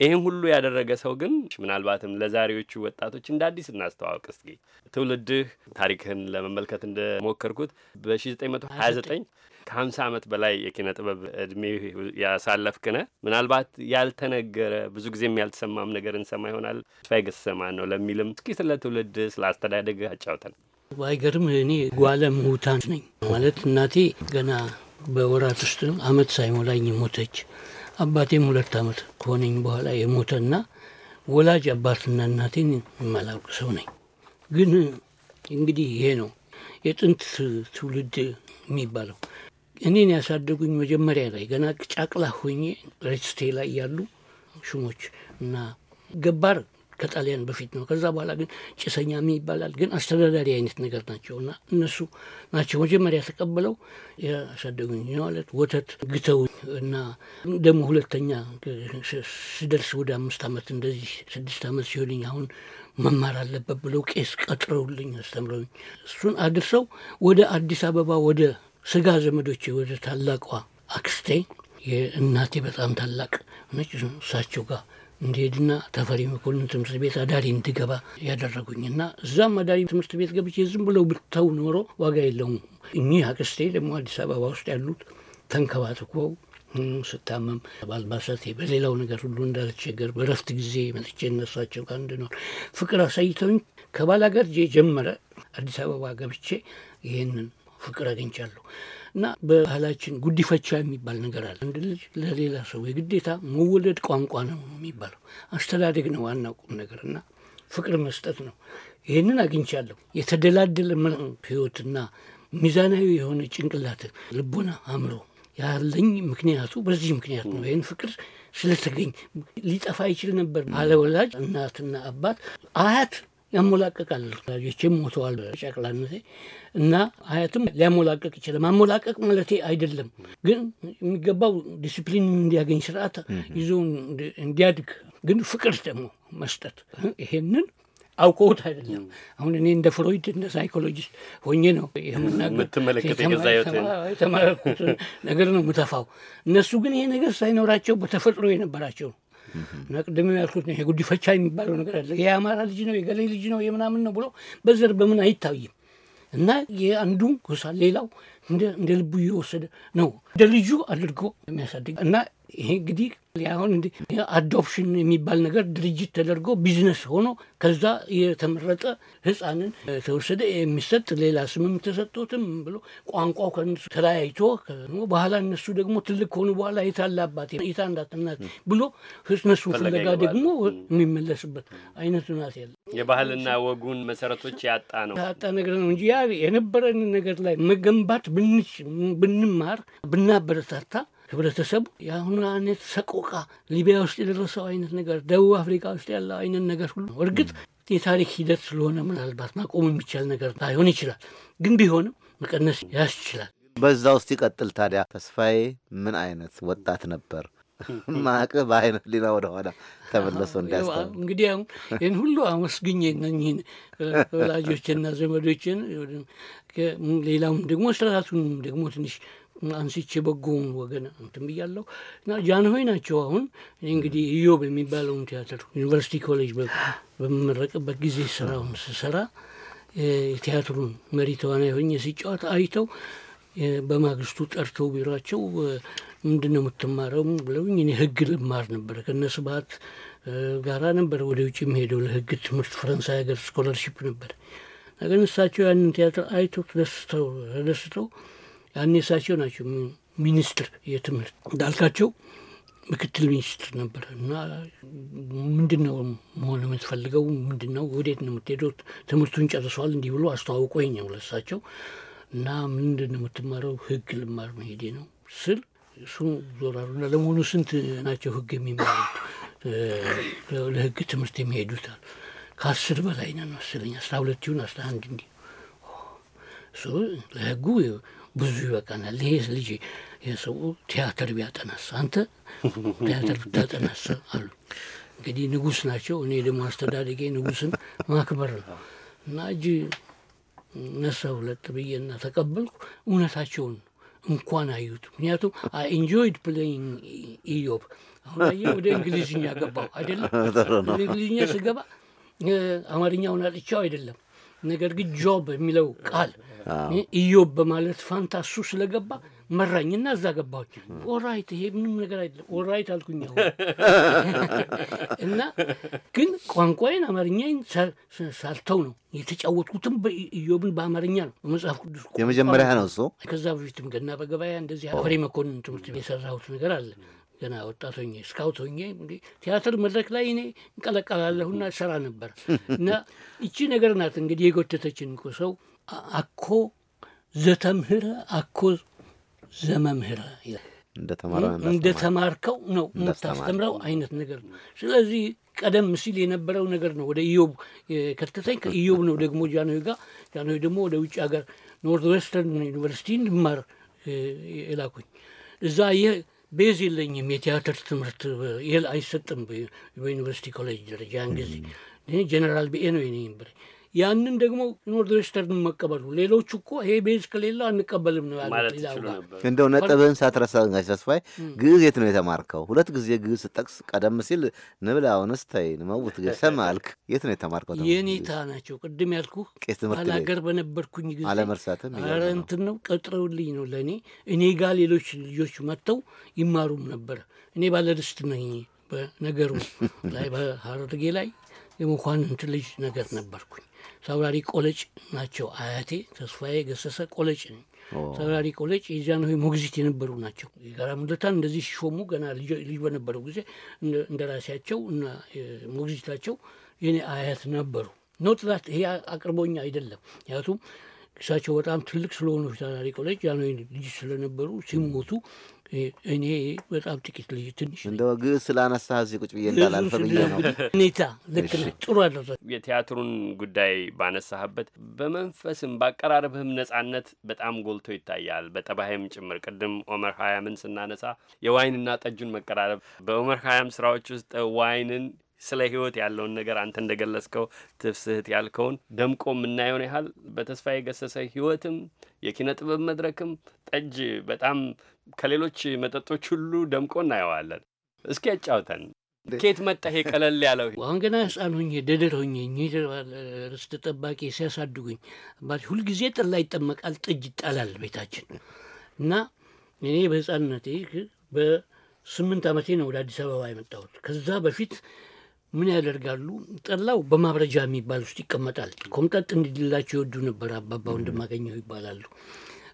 ይህን ሁሉ ያደረገ ሰው ግን ምናልባትም ለዛሬዎቹ ወጣቶች እንደ አዲስ እናስተዋወቅ እስኪ። ትውልድህ ታሪክህን ለመመልከት እንደሞከርኩት በ1929 ከሀምሳ ዓመት በላይ የኪነ ጥበብ እድሜ ያሳለፍክነ ምናልባት ያልተነገረ ብዙ ጊዜም ያልተሰማም ነገር እንሰማ ይሆናል። ተስፋዬ ገሰማ ነው ለሚልም እስኪ ስለ ትውልድ ስለ አስተዳደግ አጫውተን። ባይገርም እኔ ጓለ ምሁታን ነኝ ማለት እናቴ ገና በወራት ውስጥ አመት ሳይሞላኝ ሞተች። አባቴም ሁለት አመት ከሆነኝ በኋላ የሞተና ወላጅ አባትና እናቴን የማላውቅ ሰው ነኝ። ግን እንግዲህ ይሄ ነው የጥንት ትውልድ የሚባለው እኔን ያሳደጉኝ መጀመሪያ ላይ ገና ጫቅላ ሆኜ ሬጅስቴ ላይ ያሉ ሹሞች እና ገባር ከጣሊያን በፊት ነው። ከዛ በኋላ ግን ጭሰኛም ይባላል ግን አስተዳዳሪ አይነት ነገር ናቸው እና እነሱ ናቸው መጀመሪያ ተቀብለው ያሳደጉኝ ማለት ወተት ግተው እና ደግሞ ሁለተኛ ስደርስ ወደ አምስት ዓመት እንደዚህ ስድስት ዓመት ሲሆንኝ አሁን መማር አለበት ብለው ቄስ ቀጥረውልኝ አስተምረውኝ እሱን አድርሰው ወደ አዲስ አበባ ወደ ስጋ ዘመዶች ወደ ታላቋ አክስቴ የእናቴ በጣም ታላቅ ነች። እሳቸው ጋር እንድሄድና ተፈሪ መኮንን ትምህርት ቤት አዳሪ እንድገባ ያደረጉኝና እዛም አዳሪ ትምህርት ቤት ገብቼ ዝም ብለው ብተው ኖሮ ዋጋ የለውም። እኚህ አክስቴ ደግሞ አዲስ አበባ ውስጥ ያሉት ተንከባትኮው ስታመም በአልባሳቴ በሌላው ነገር ሁሉ እንዳልቸገር በረፍት ጊዜ መጥቼ እነሳቸው ጋር እንድኖር ፍቅር አሳይተውኝ ከባላገር ጀመረ አዲስ አበባ ገብቼ ይህንን ፍቅር አግኝቻለሁ እና በባህላችን ጉዲፈቻ የሚባል ነገር አለ። አንድ ልጅ ለሌላ ሰው የግዴታ መወለድ ቋንቋ ነው የሚባለው አስተዳደግ ነው ዋና ቁም ነገር እና ፍቅር መስጠት ነው። ይህንን አግኝቻለሁ። የተደላደለ ህይወትና ሚዛናዊ የሆነ ጭንቅላት፣ ልቦና፣ አእምሮ ያለኝ ምክንያቱ በዚህ ምክንያት ነው። ይህን ፍቅር ስለተገኝ ሊጠፋ ይችል ነበር። አለወላጅ እናትና አባት አያት ያሞላቀቃል። ልጆች ሞተዋል በጨቅላነት እና አያትም ሊያሞላቀቅ ይችላል። ማሞላቀቅ ማለት አይደለም፣ ግን የሚገባው ዲስፕሊን እንዲያገኝ ስርዓት ይዞ እንዲያድግ ግን ፍቅር ደግሞ መስጠት ይሄንን አውቀውት አይደለም። አሁን እኔ እንደ ፍሮይድ እንደ ሳይኮሎጂስት ሆኜ ነው የተማረኩት ነገር ነው ምተፋው። እነሱ ግን ይሄ ነገር ሳይኖራቸው በተፈጥሮ የነበራቸው ነው። እና ቅድም ያልኩት ነው ይሄ ጉዲፈቻ የሚባለው ነገር አለ። የአማራ ልጅ ነው የገሌ ልጅ ነው የምናምን ነው ብሎ በዘር በምን አይታይም። እና የአንዱ ጎሳ ሌላው እንደ ልቡ እየወሰደ ነው እንደ ልጁ አድርጎ የሚያሳድግ እና ይሄ እንግዲህ አሁን እንዲህ አዶፕሽን የሚባል ነገር ድርጅት ተደርጎ ቢዝነስ ሆኖ ከዛ የተመረጠ ህፃንን ተወሰደ የሚሰጥ ሌላ ስምም ተሰጥቶትም ብሎ ቋንቋው ከነሱ ተለያይቶ በኋላ እነሱ ደግሞ ትልቅ ከሆኑ በኋላ የታለ አባት የታንድ እናት ብሎ እነሱ ፍለጋ ደግሞ የሚመለስበት አይነቱ ናት ያለ የባህልና ወጉን መሰረቶች ያጣ ነው ያጣ ነገር ነው እንጂ ያ የነበረን ነገር ላይ መገንባት ብንማር ብናበረታታ ህብረተሰቡ የአሁኑ አይነት ሰቆቃ ሊቢያ ውስጥ የደረሰው አይነት ነገር፣ ደቡብ አፍሪካ ውስጥ ያለው አይነት ነገር ሁሉ እርግጥ የታሪክ ሂደት ስለሆነ ምናልባት ማቆም የሚቻል ነገር ላይሆን ይችላል። ግን ቢሆንም መቀነስ ያስችላል። በዛ ውስጥ ይቀጥል። ታዲያ ተስፋዬ ምን አይነት ወጣት ነበር? ማቅ በአይነት ሊና ወደኋላ ተመለሶ እንዲያስ እንግዲህ አሁን ይህን ሁሉ አመስግኝ እነኝህን ወላጆችና ዘመዶችን ሌላውም ደግሞ ስርዓቱን ደግሞ ትንሽ አንስቼ በጎውን ወገን እንትን ብያለሁ እና ጃንሆይ ናቸው። አሁን እንግዲህ ኢዮብ የሚባለውን ቲያትር ዩኒቨርሲቲ ኮሌጅ በምመረቅበት ጊዜ ስራውን ስሰራ የቲያትሩን መሪ ተዋናይ ሆኜ ሲጫወት አይተው በማግስቱ ጠርተው ቢሯቸው ምንድን ነው የምትማረው ብለውኝ እኔ ህግ ልማር ነበረ ከነ ስብሀት ጋራ ነበር ወደ ውጭ የሚሄደው ለህግ ትምህርት ፈረንሳይ ሀገር ስኮለርሺፕ ነበረ። ነገር እሳቸው ያንን ቲያትር አይተው ተደስተው ያኔ እሳቸው ናቸው ሚኒስትር የትምህርት እንዳልካቸው ምክትል ሚኒስትር ነበር እና ምንድን ነው መሆን የምትፈልገው? ምንድን ነው ወዴት ነው የምትሄደው? ትምህርቱን ጨርሰዋል እንዲህ ብሎ አስተዋውቆኝ ነው ለሳቸው እና ምንድን ነው የምትማረው? ህግ ልማር መሄዴ ነው ስል እሱ ዞራሉና ለመሆኑ ስንት ናቸው ህግ የሚማሩት ለህግ ትምህርት የሚሄዱታል? ከአስር በላይ ነን መሰለኝ አስራ ሁለት ይሁን አስራ አንድ እንዲ እሱ ለህጉ ብዙ ይበቃናል። ይሄ ልጅ የሰው ቲያትር ቢያጠነሳ አንተ ቲያትር ብታጠነሳ አሉ። እንግዲህ ንጉስ ናቸው። እኔ ደግሞ አስተዳደጌ ንጉስን ማክበር ነው እና እጅ ነሳ ሁለት ብዬና ተቀበልኩ። እውነታቸውን እንኳን አዩት። ምክንያቱም አይ ኢንጆይድ ፕሌይንግ ኢዮብ። አሁን አየህ ወደ እንግሊዝኛ ገባው አይደለም። ወደ እንግሊዝኛ ስገባ አማርኛውን አጥቻው አይደለም ነገር ግን ጆብ የሚለው ቃል ኢዮብ በማለት ፋንታ እሱ ስለገባ መራኝና እዛ ገባሁኝ። ኦራይት ይሄ ምንም ነገር አይደለም። ኦራይት አልኩኝ እና ግን ቋንቋዬን አማርኛዬን ሳልተው ነው የተጫወትኩትም በኢዮብን በአማርኛ ነው በመጽሐፍ ቅዱስ የመጀመሪያ ነው እሱ። ከዛ በፊትም ገና በገበያ እንደዚህ አፈሪ መኮንን ትምህርት የሰራሁት ነገር አለ ገና ወጣት ሆኜ ስካውት ሆኜ እንግዲህ ቲያትር መድረክ ላይ እኔ እንቀለቀላለሁና ሰራ ነበር። እና እቺ ነገር ናት እንግዲህ የጎተተችን እኮ ሰው አኮ ዘተምህረ አኮ ዘመምህረ እንደ ተማርከው ነው የምታስተምረው አይነት ነገር ነው። ስለዚህ ቀደም ሲል የነበረው ነገር ነው ወደ ኢዮብ ከተተኝ ከኢዮብ ነው ደግሞ ጃንሆይ ጋር ጃንሆይ ደግሞ ወደ ውጭ ሀገር ኖርት ዌስተርን ዩኒቨርሲቲ እንድማር የላኩኝ እዛ ቤዝ የለኝም። የቲያትር ትምህርት አይሰጥም በዩኒቨርሲቲ ኮሌጅ ደረጃ ያን ጊዜ ጀኔራል ቢኤ ነው የኔ ያንን ደግሞ ኖርት ዌስተርን መቀበሉ ሌሎቹ እኮ ይሄ ቤዝ ከሌለ አንቀበልም ነው ያሉት። እንደው ነጥብህን ሳትረሳ ጋሽ ተስፋዬ ግዕዝ የት ነው የተማርከው? ሁለት ጊዜ ግዕዝ ስጠቅስ ቀደም ሲል ንብል አሁንስ ተይ መውት ሰማ አልክ። የት ነው የተማርከው? የኔታ ናቸው ቅድም ያልኩ አላገር በነበርኩኝ ጊዜ አለመርሳትም ኧረ እንትን ነው ቀጥረውልኝ ነው ለእኔ እኔ ጋር ሌሎች ልጆች መጥተው ይማሩም ነበር። እኔ ባለርስት ነኝ በነገሩ ላይ በሀረርጌ ላይ የመኳንንት ልጅ ነገር ነበርኩኝ። ሳውራሪ ቆለጭ ናቸው። አያቴ ተስፋዬ ገሰሰ ቆለጭ ነኝ። ሳውራሪ ቆለጭ የዚያን ሞግዚት የነበሩ ናቸው። የጋራ ምድርታን እንደዚህ ሲሾሙ ገና ልጅ በነበረው ጊዜ እንደራሴያቸው እና ሞግዚታቸው የኔ አያት ነበሩ። ኖት ይሄ አቅርቦኝ አይደለም። ምክንያቱም እሳቸው በጣም ትልቅ ስለሆኑ ሳውራሪ ቆለጭ ጃንሆይ ልጅ ስለነበሩ ሲሞቱ እኔ በጣም ጥቂት ልዩ ትንሽ እንደው ግዕዝ ስላነሳ እዚህ ቁጭ ብዬ እንዳላልፈ ብዬ ነው። ሁኔታ ልክ ነህ። ጥሩ አለ። የቲያትሩን ጉዳይ ባነሳህበት በመንፈስም በአቀራረብህም ነጻነት በጣም ጎልቶ ይታያል፣ በጠባይም ጭምር። ቅድም ኦመር ሀያምን ስናነሳ የዋይንና ጠጁን መቀራረብ በኦመር ሀያም ስራዎች ውስጥ ዋይንን ስለ ህይወት ያለውን ነገር አንተ እንደገለጽከው ትፍስህት ያልከውን ደምቆ የምናየውን ያህል በተስፋ የገሰሰ ህይወትም የኪነ ጥበብ መድረክም ጠጅ በጣም ከሌሎች መጠጦች ሁሉ ደምቆ እናየዋለን። እስኪ ያጫውተን። ኬት ይሄ ቀለል ያለው አሁን ገና ህፃን ሁኜ ደደር ሁኜ ርስት ጠባቂ ሲያሳድጉኝ አባቴ ሁልጊዜ ጠላ ይጠመቃል፣ ጥጅ ይጣላል ቤታችን እና እኔ በህፃንነቴ በስምንት ዓመቴ ነው ወደ አዲስ አበባ የመጣሁት። ከዛ በፊት ምን ያደርጋሉ? ጠላው በማብረጃ የሚባል ውስጥ ይቀመጣል። ኮምጠጥ እንዲድላቸው ይወዱ ነበር። አባባ ወንድማገኘው ይባላሉ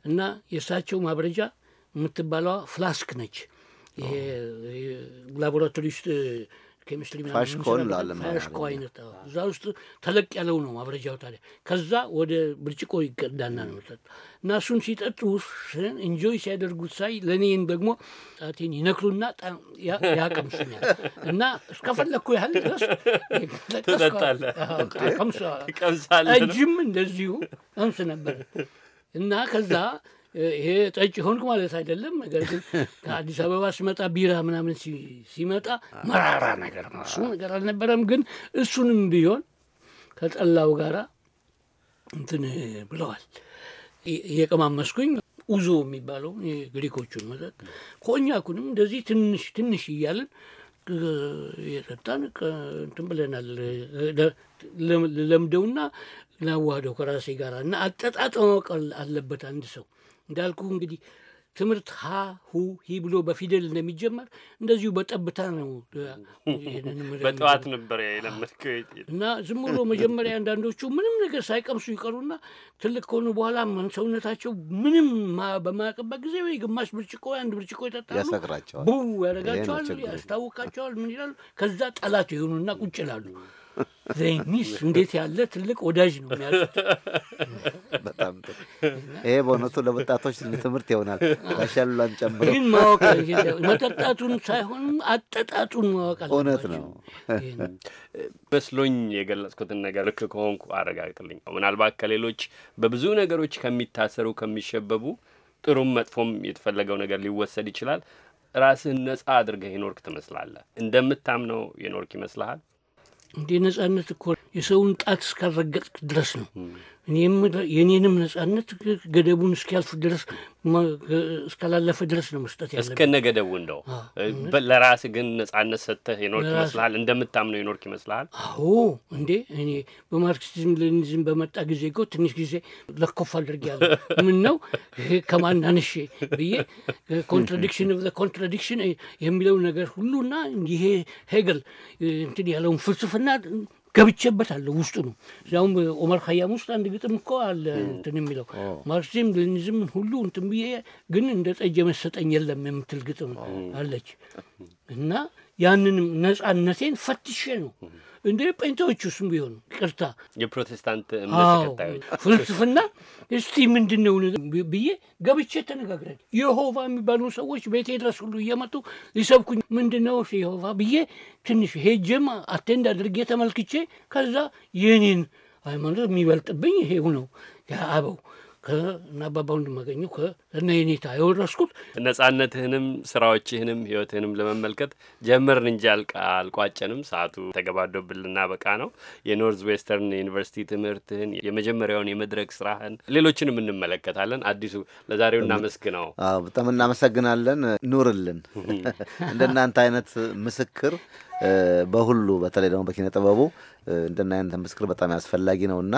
እና የእሳቸው ማብረጃ የምትባለዋ ፍላስክ ነች። ይሄ ላቦራቶሪ ውስጥ ኬሚስትሪ ፋሽኮ አይነት እዛ ውስጥ ተለቅ ያለው ነው ማብረጃው። ታዲያ ከዛ ወደ ብርጭቆ ይቀዳና ነው የሚጠጡ እና እሱን ሲጠጡ እንጆይ ሲያደርጉት ሳይ ለእኔን ደግሞ ጣቴን ይነክሉና ያቀምሱኛል እና እስከፈለግኩ ያህል ድረስ ትጠጣለህ። እጅም እንደዚሁ እምስ ነበር እና ከዛ ይሄ ጠጭ ሆንክ ማለት አይደለም። ነገር ግን ከአዲስ አበባ ሲመጣ ቢራ ምናምን ሲመጣ መራራ ነገር ነው። እሱ ነገር አልነበረም። ግን እሱንም ቢሆን ከጠላው ጋራ እንትን ብለዋል። እየቀማመስኩኝ ኡዞ የሚባለው የግሪኮቹን መጠጥ ኮኛኩንም እንደዚህ ትንሽ ትንሽ እያልን የጠጣን እንትን ብለናል። ለምደውና ላዋህደው ከራሴ ጋር እና አጠጣጠመው አለበት አንድ ሰው እንዳልኩ እንግዲህ ትምህርት ሀ ሁ ሂ ብሎ በፊደል እንደሚጀመር እንደዚሁ በጠብታ ነው። በጠዋት ነበር የለመድከው እና ዝም ብሎ መጀመሪያ አንዳንዶቹ ምንም ነገር ሳይቀምሱ ይቀሩና ትልቅ ከሆኑ በኋላ ሰውነታቸው ምንም በማያውቅበት ጊዜ ወይ ግማሽ ብርጭቆ አንድ ብርጭቆ ይጠጣሉ። ያሰክራቸዋል፣ ቡ ያደርጋቸዋል፣ ያስታውቃቸዋል። ምን ይላሉ? ከዛ ጠላት የሆኑና ቁጭ ይላሉ። ዘይኒስ እንዴት ያለ ትልቅ ወዳጅ ነው የሚያሉት። በጣም ይሄ በእውነቱ ለወጣቶች ትምህርት ይሆናል። ጋሻሉላን ጨምሮ ግን ማወቅ መጠጣቱን ሳይሆን አጠጣጡን ማወቅ እውነት ነው። በስሎኝ የገለጽኩትን ነገር ልክ ከሆንኩ አረጋግጥልኝ። ምናልባት ከሌሎች በብዙ ነገሮች ከሚታሰሩ ከሚሸበቡ ጥሩም መጥፎም የተፈለገው ነገር ሊወሰድ ይችላል። ራስህን ነጻ አድርገህ የኖርክ ትመስላለህ። እንደምታምነው የኖርክ ይመስልሃል። እንዲህ ነጻነት እኮ የሰውን ጣት እስካረገጥክ ድረስ ነው የኔንም ነጻነት ገደቡን እስኪያልፍ ድረስ እስካላለፈ ድረስ ነው መስጠት ያለ እስከነ ገደቡ እንደው ለራስ ግን ነጻነት ሰጥተህ የኖርክ ይመስልሃል? እንደምታምነው የኖርክ ይመስልሃል? አዎ እንዴ እኔ በማርክሲዝም ሌኒዝም በመጣ ጊዜ እኮ ትንሽ ጊዜ ለኮፍ አድርጌያለሁ። ምን ነው ከማን ብዬ ኮንትራዲክሽን ኦፍ ኮንትራዲክሽን የሚለው ነገር ሁሉና ይሄ ሄገል እንትን ያለውን ፍልስፍና ገብቼበታለሁ ውስጡ ነው። እዚያውም ኦመር ኸያም ውስጥ አንድ ግጥም እኮ አለ እንትን የሚለው ማርክሲዝም ሌኒዝም ሁሉ እንትን ብዬ ግን እንደ ጠጅ የመሰጠኝ የለም የምትል ግጥም አለች እና ያንንም ነጻነቴን ፈትሼ ነው እንደ ጴንጤዎች ውስጥ ቢሆኑ ቅርታ የፕሮቴስታንት እምነት ተከታዮች ፍልስፍና እስቲ ምንድን ነው ብዬ ገብቼ ተነጋግረን የሆቫ የሚባሉ ሰዎች ቤቴ ድረስ ሁሉ እየመጡ ሊሰብኩኝ ምንድን ነው የሆቫ ብዬ ትንሽ ሄጄም አቴንድ አድርጌ ተመልክቼ ከዛ የኔን ሃይማኖት የሚበልጥብኝ ይሄው ነው አበው እና አባባውን የማገኘው ከእነ የኔታ የወረስኩት ነጻነትህንም ስራዎችህንም ህይወትህንም ለመመልከት ጀመርን እንጂ አልቋጨንም። ሰዓቱ ተገባዶብልና በቃ ነው። የኖርዝ ዌስተርን ዩኒቨርሲቲ ትምህርትህን፣ የመጀመሪያውን የመድረክ ስራህን፣ ሌሎችንም እንመለከታለን። አዲሱ ለዛሬው እናመስግነው። በጣም እናመሰግናለን። ኑርልን እንደናንተ አይነት ምስክር በሁሉ በተለይ ደግሞ በኪነ ጥበቡ እንደና አይነት ምስክር በጣም ያስፈላጊ እና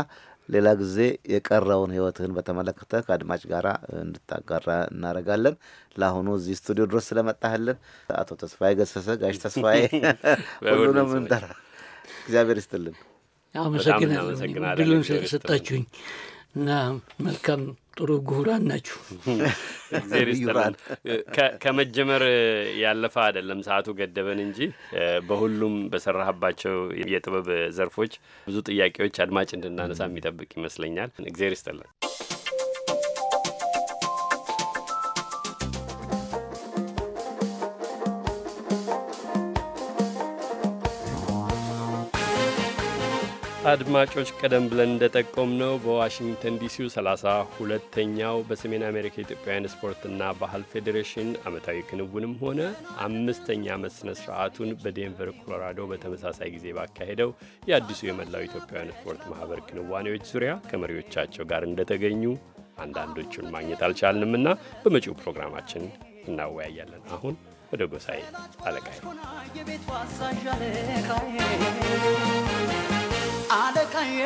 ሌላ ጊዜ የቀረውን ህይወትህን በተመለከተ ከአድማጭ ጋር እንድታጋራ እናደርጋለን። ለአሁኑ እዚህ ስቱዲዮ ድረስ ስለመጣህልን አቶ ተስፋዬ ገሰሰ፣ ጋሽ ተስፋዬ ሁሉንም እንጠራ። እግዚአብሔር ይስጥልን። አመሰግናለሁ ድሉን ስለሰጣችሁኝ እና መልካም ጥሩ ጉሁራን ናችሁ። ዜር ይስጥልን። ከመጀመር ያለፈ አይደለም ሰዓቱ ገደበን እንጂ በሁሉም በሰራህባቸው የጥበብ ዘርፎች ብዙ ጥያቄዎች አድማጭ እንድናነሳ የሚጠብቅ ይመስለኛል። እግዜር ይስጥልን። አድማጮች ቀደም ብለን እንደጠቆም ነው በዋሽንግተን ዲሲው 32ተኛው በሰሜን አሜሪካ ኢትዮጵያውያን ስፖርትና ባህል ፌዴሬሽን አመታዊ ክንውንም ሆነ አምስተኛ ዓመት ስነ ስርዓቱን በዴንቨር ኮሎራዶ በተመሳሳይ ጊዜ ባካሄደው የአዲሱ የመላው ኢትዮጵያውያን ስፖርት ማህበር ክንዋኔዎች ዙሪያ ከመሪዎቻቸው ጋር እንደተገኙ አንዳንዶቹን ማግኘት አልቻልንምና በመጪው ፕሮግራማችን እናወያያለን። አሁን ወደ ጎሳዬ አለቃዬ አለቃዬ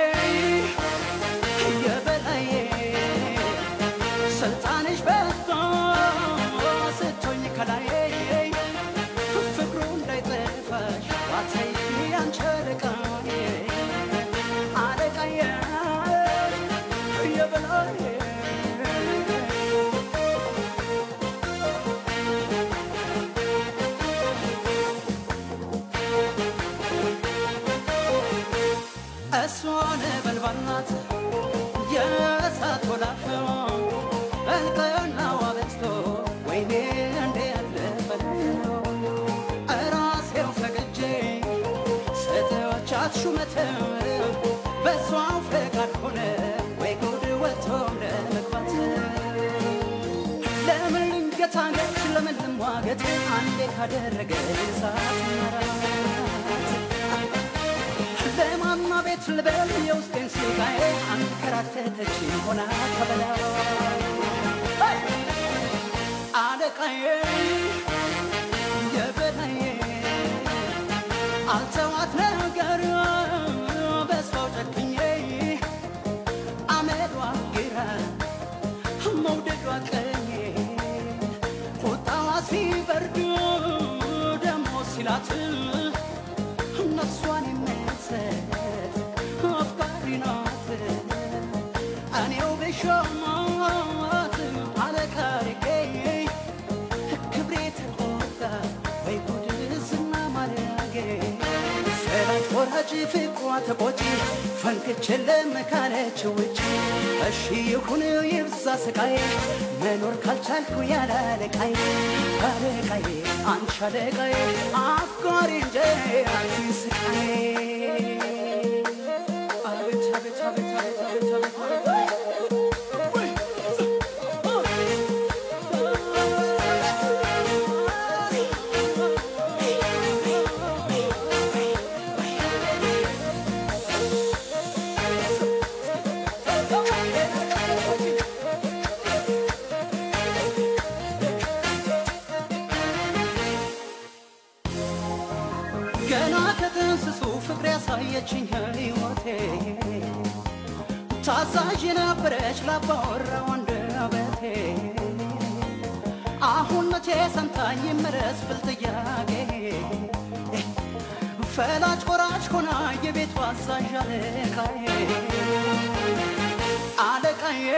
ገጥ አንዴ ካደረገ ሳት በማማ ቤት ልበል የውስጤን ስቃዬ አንከራተተች ሆና ከበላ አለቃዬ የበላዬ አልተዋት ነገር ጨክኜ አመዷ መውደዷ ሲበርድ ደሞ ሲላት እነሷን የምትሰጥ አፍቃሪ ናት እኔው በሻማ ወዳጅ ፍቅሯ ተቆጪ ፈንክቼ ለመካነች ውጪ እሺ ይሁን ይብዛ ስቃይ መኖር ካልቻልኩ ያላለቃዬ አለቃዬ አንቺ አለቃዬ አፍቃሪ እንጂ አንቺ ስቃዬ ታዛዥ የነበረች ላባወራው አንደበቴ አሁን መቼ ሰምታኝ ይመረስ ብል ጥያቄ ፈላጭ ቆራጭ ሆና የቤቷ አዛዥ አለቃዬ አለቃዬ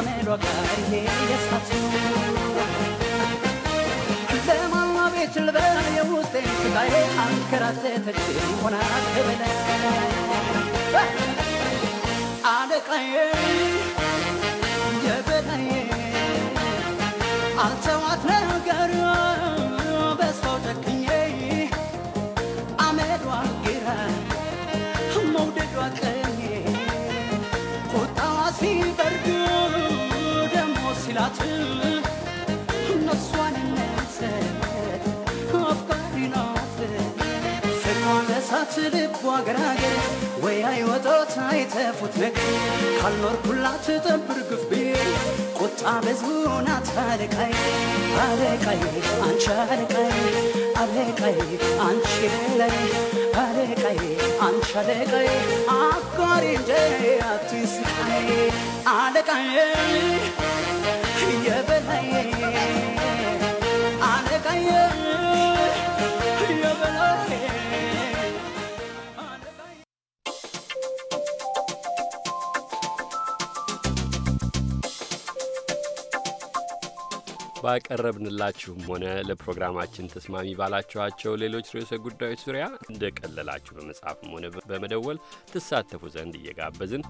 ከሜዳ ጋር የሳት ለማማ ቤት ልበላ የውስጤ ስቃዬ አንከራተተች ሆና ትበላ አለቃዬ የበላዬ አልተዋት ነገር ልቧ ገራገር ወይ አይወጣት አይተፉት ነገር ካልኖርኩላት ጠብር ግቢ ቁጣ በዝቡን አታለቃይ አለቃይ አንቺ አለቃይ አለቃይ አንቺ ላይ አለቃይ አንቺ አለቃይ አፍቃሪ እንደ አትስቃይ አለቃይ ባቀረብንላችሁም ሆነ ለፕሮግራማችን ተስማሚ ባላችኋቸው ሌሎች ርዕሰ ጉዳዮች ዙሪያ እንደቀለላችሁ በመጻፍም ሆነ በመደወል ትሳተፉ ዘንድ እየጋበዝን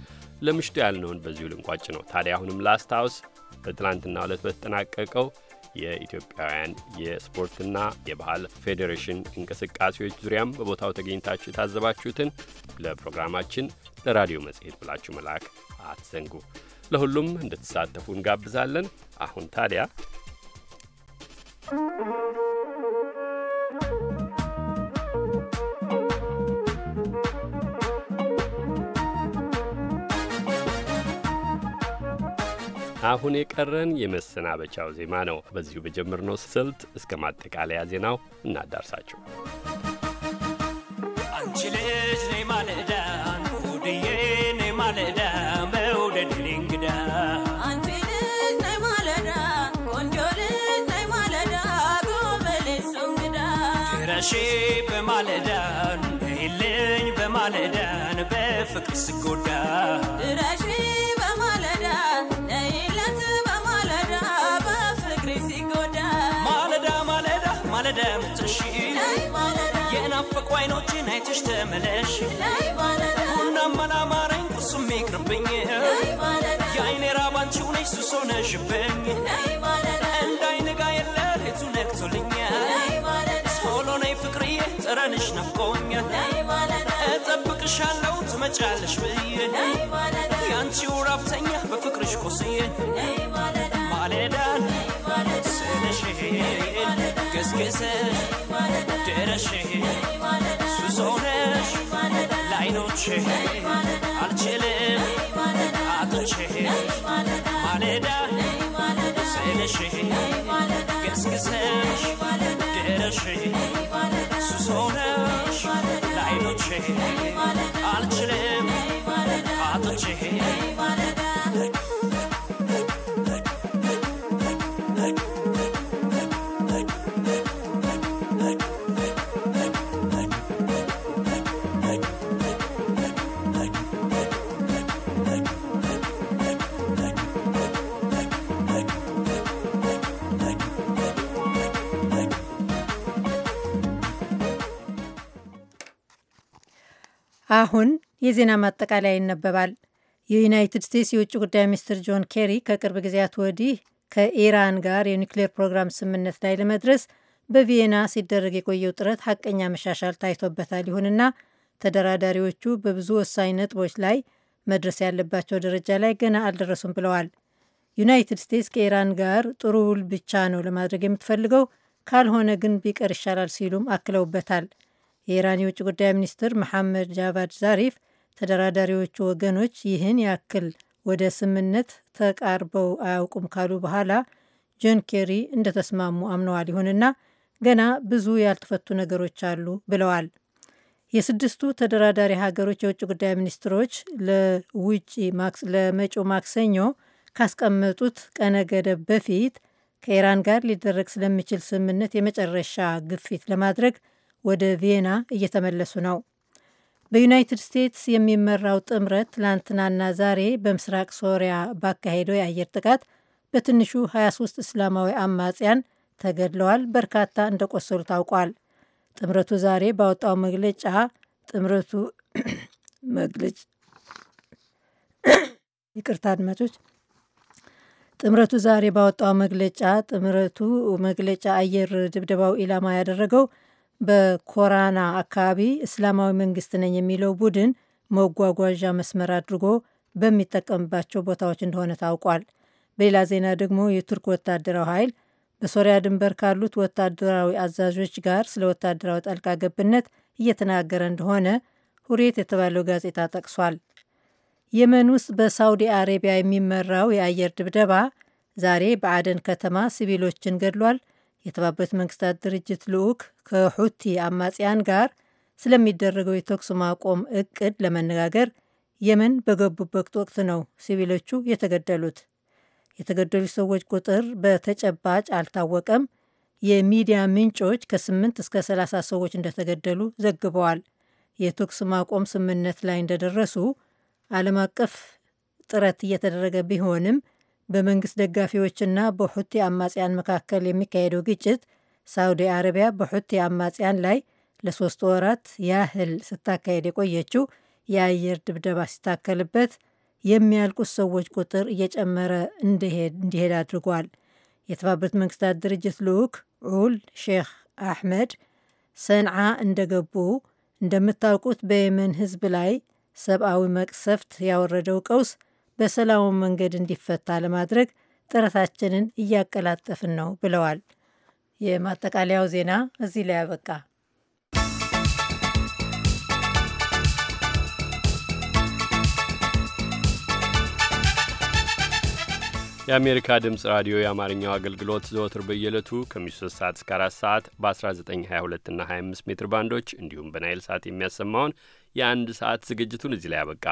ለምሽቱ ያልነውን በዚሁ ልንቋጭ ነው። ታዲያ አሁንም ላስታውስ በትናንትና ዕለት በተጠናቀቀው የኢትዮጵያውያን የስፖርትና የባህል ፌዴሬሽን እንቅስቃሴዎች ዙሪያም በቦታው ተገኝታችሁ የታዘባችሁትን ለፕሮግራማችን ለራዲዮ መጽሔት ብላችሁ መላክ አትዘንጉ። ለሁሉም እንድትሳተፉ እንጋብዛለን። አሁን ታዲያ አሁን የቀረን የመሰናበቻው ዜማ ነው። በዚሁ በጀመርነው ስልት እስከ ማጠቃለያ ዜናው እናዳርሳችሁ። አንቺ ልጅ ነይ ማለዳ ሙድዬ ነይ ማለዳ መውደድ እንግዳ ረሺ በማለዳ በይልኝ በማለዳን በፍቅር ስጎዳ ቤትሽ ተመለሽ ቡናም አላማረኝ ቁሱም ይቅርብኝ የአይኔ ራብ አንቺው ነሽ ሱስ ሆነሽብኝ እንዳይነጋ የለ ሬቱ ነግቶልኛል ቶሎ ነይ ፍቅርዬ ጥረንሽ ናፍቆኛል እጠብቅሻለሁ ትመጫለሽ ብዬ ያንቺው ራብተኛ በፍቅርሽ ቆስዬ ማለዳን ስልሽን ገስግሰሽ ሸረሽህ ሱሶነሽ ለዓይኖችህ አልችልም አጥቼህ ማለዳ ስዕልሽህ ገስግሰሽ ድረሽህ ሱሶነሽ ለዓይኖችህ አልችልም አጥቼህ አሁን የዜና ማጠቃለያ ይነበባል። የዩናይትድ ስቴትስ የውጭ ጉዳይ ሚኒስትር ጆን ኬሪ ከቅርብ ጊዜያት ወዲህ ከኢራን ጋር የኒውክሌር ፕሮግራም ስምምነት ላይ ለመድረስ በቪየና ሲደረግ የቆየው ጥረት ሀቀኛ መሻሻል ታይቶበታል። ይሁንና ተደራዳሪዎቹ በብዙ ወሳኝ ነጥቦች ላይ መድረስ ያለባቸው ደረጃ ላይ ገና አልደረሱም ብለዋል። ዩናይትድ ስቴትስ ከኢራን ጋር ጥሩ ውል ብቻ ነው ለማድረግ የምትፈልገው፣ ካልሆነ ግን ቢቀር ይሻላል ሲሉም አክለውበታል። የኢራን የውጭ ጉዳይ ሚኒስትር መሐመድ ጃቫድ ዛሪፍ ተደራዳሪዎቹ ወገኖች ይህን ያክል ወደ ስምምነት ተቃርበው አያውቁም ካሉ በኋላ ጆን ኬሪ እንደተስማሙ አምነዋል። ይሁንና ገና ብዙ ያልተፈቱ ነገሮች አሉ ብለዋል። የስድስቱ ተደራዳሪ ሀገሮች የውጭ ጉዳይ ሚኒስትሮች ለውጭ ለመጪው ማክሰኞ ካስቀመጡት ቀነ ገደብ በፊት ከኢራን ጋር ሊደረግ ስለሚችል ስምምነት የመጨረሻ ግፊት ለማድረግ ወደ ቪየና እየተመለሱ ነው። በዩናይትድ ስቴትስ የሚመራው ጥምረት ትላንትናና ዛሬ በምስራቅ ሶሪያ ባካሄደው የአየር ጥቃት በትንሹ 23 እስላማዊ አማጽያን ተገድለዋል፣ በርካታ እንደቆሰሉ ታውቋል። ጥምረቱ ዛሬ ባወጣው መግለጫ ጥምረቱ ይቅርታ አድማጮች፣ ጥምረቱ ዛሬ ባወጣው መግለጫ ጥምረቱ መግለጫ አየር ድብደባው ኢላማ ያደረገው በኮራና አካባቢ እስላማዊ መንግስት ነኝ የሚለው ቡድን መጓጓዣ መስመር አድርጎ በሚጠቀምባቸው ቦታዎች እንደሆነ ታውቋል። በሌላ ዜና ደግሞ የቱርክ ወታደራዊ ኃይል በሶሪያ ድንበር ካሉት ወታደራዊ አዛዦች ጋር ስለ ወታደራዊ ጣልቃ ገብነት እየተናገረ እንደሆነ ሁሬት የተባለው ጋዜጣ ጠቅሷል። የመን ውስጥ በሳውዲ አረቢያ የሚመራው የአየር ድብደባ ዛሬ በአደን ከተማ ሲቪሎችን ገድሏል። የተባበሩት መንግስታት ድርጅት ልዑክ ከሑቲ አማጽያን ጋር ስለሚደረገው የተኩስ ማቆም እቅድ ለመነጋገር የመን በገቡበት ወቅት ነው ሲቪሎቹ የተገደሉት። የተገደሉት ሰዎች ቁጥር በተጨባጭ አልታወቀም። የሚዲያ ምንጮች ከ8 እስከ 30 ሰዎች እንደተገደሉ ዘግበዋል። የተኩስ ማቆም ስምምነት ላይ እንደደረሱ ዓለም አቀፍ ጥረት እየተደረገ ቢሆንም በመንግስት ደጋፊዎችና በሑቲ አማጽያን መካከል የሚካሄደው ግጭት ሳውዲ አረቢያ በሑቲ አማጽያን ላይ ለሶስት ወራት ያህል ስታካሄድ የቆየችው የአየር ድብደባ ሲታከልበት የሚያልቁት ሰዎች ቁጥር እየጨመረ እንዲሄድ አድርጓል። የተባበሩት መንግስታት ድርጅት ልዑክ ዑል ሼክ አሕመድ ሰንዓ እንደገቡ እንደምታውቁት በየመን ህዝብ ላይ ሰብአዊ መቅሰፍት ያወረደው ቀውስ በሰላሙ መንገድ እንዲፈታ ለማድረግ ጥረታችንን እያቀላጠፍን ነው ብለዋል። የማጠቃለያው ዜና እዚህ ላይ አበቃ። የአሜሪካ ድምፅ ራዲዮ የአማርኛው አገልግሎት ዘወትር በየዕለቱ ከምሽቱ 3 ሰዓት እስከ 4 ሰዓት በ1922 እና 25 ሜትር ባንዶች እንዲሁም በናይል ሰዓት የሚያሰማውን የአንድ ሰዓት ዝግጅቱን እዚህ ላይ ያበቃ።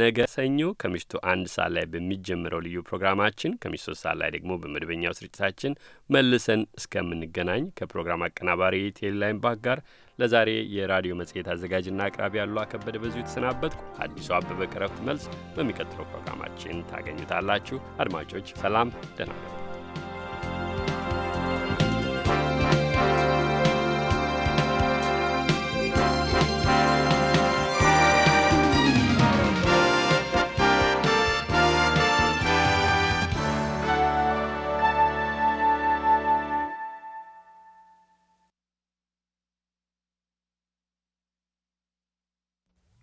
ነገ ሰኞ ከምሽቱ አንድ ሰዓት ላይ በሚጀምረው ልዩ ፕሮግራማችን ከምሽቱ ሶስት ሰዓት ላይ ደግሞ በመደበኛው ስርጭታችን መልሰን እስከምንገናኝ ከፕሮግራም አቀናባሪ ቴሌላይን ባክ ጋር ለዛሬ የራዲዮ መጽሔት አዘጋጅና አቅራቢ ያሉ አከበደ በዚሁ የተሰናበትኩ። አዲሱ አበበ ከረፍት መልስ በሚቀጥለው ፕሮግራማችን ታገኙታላችሁ። አድማጮች ሰላም፣ ደህና ነው።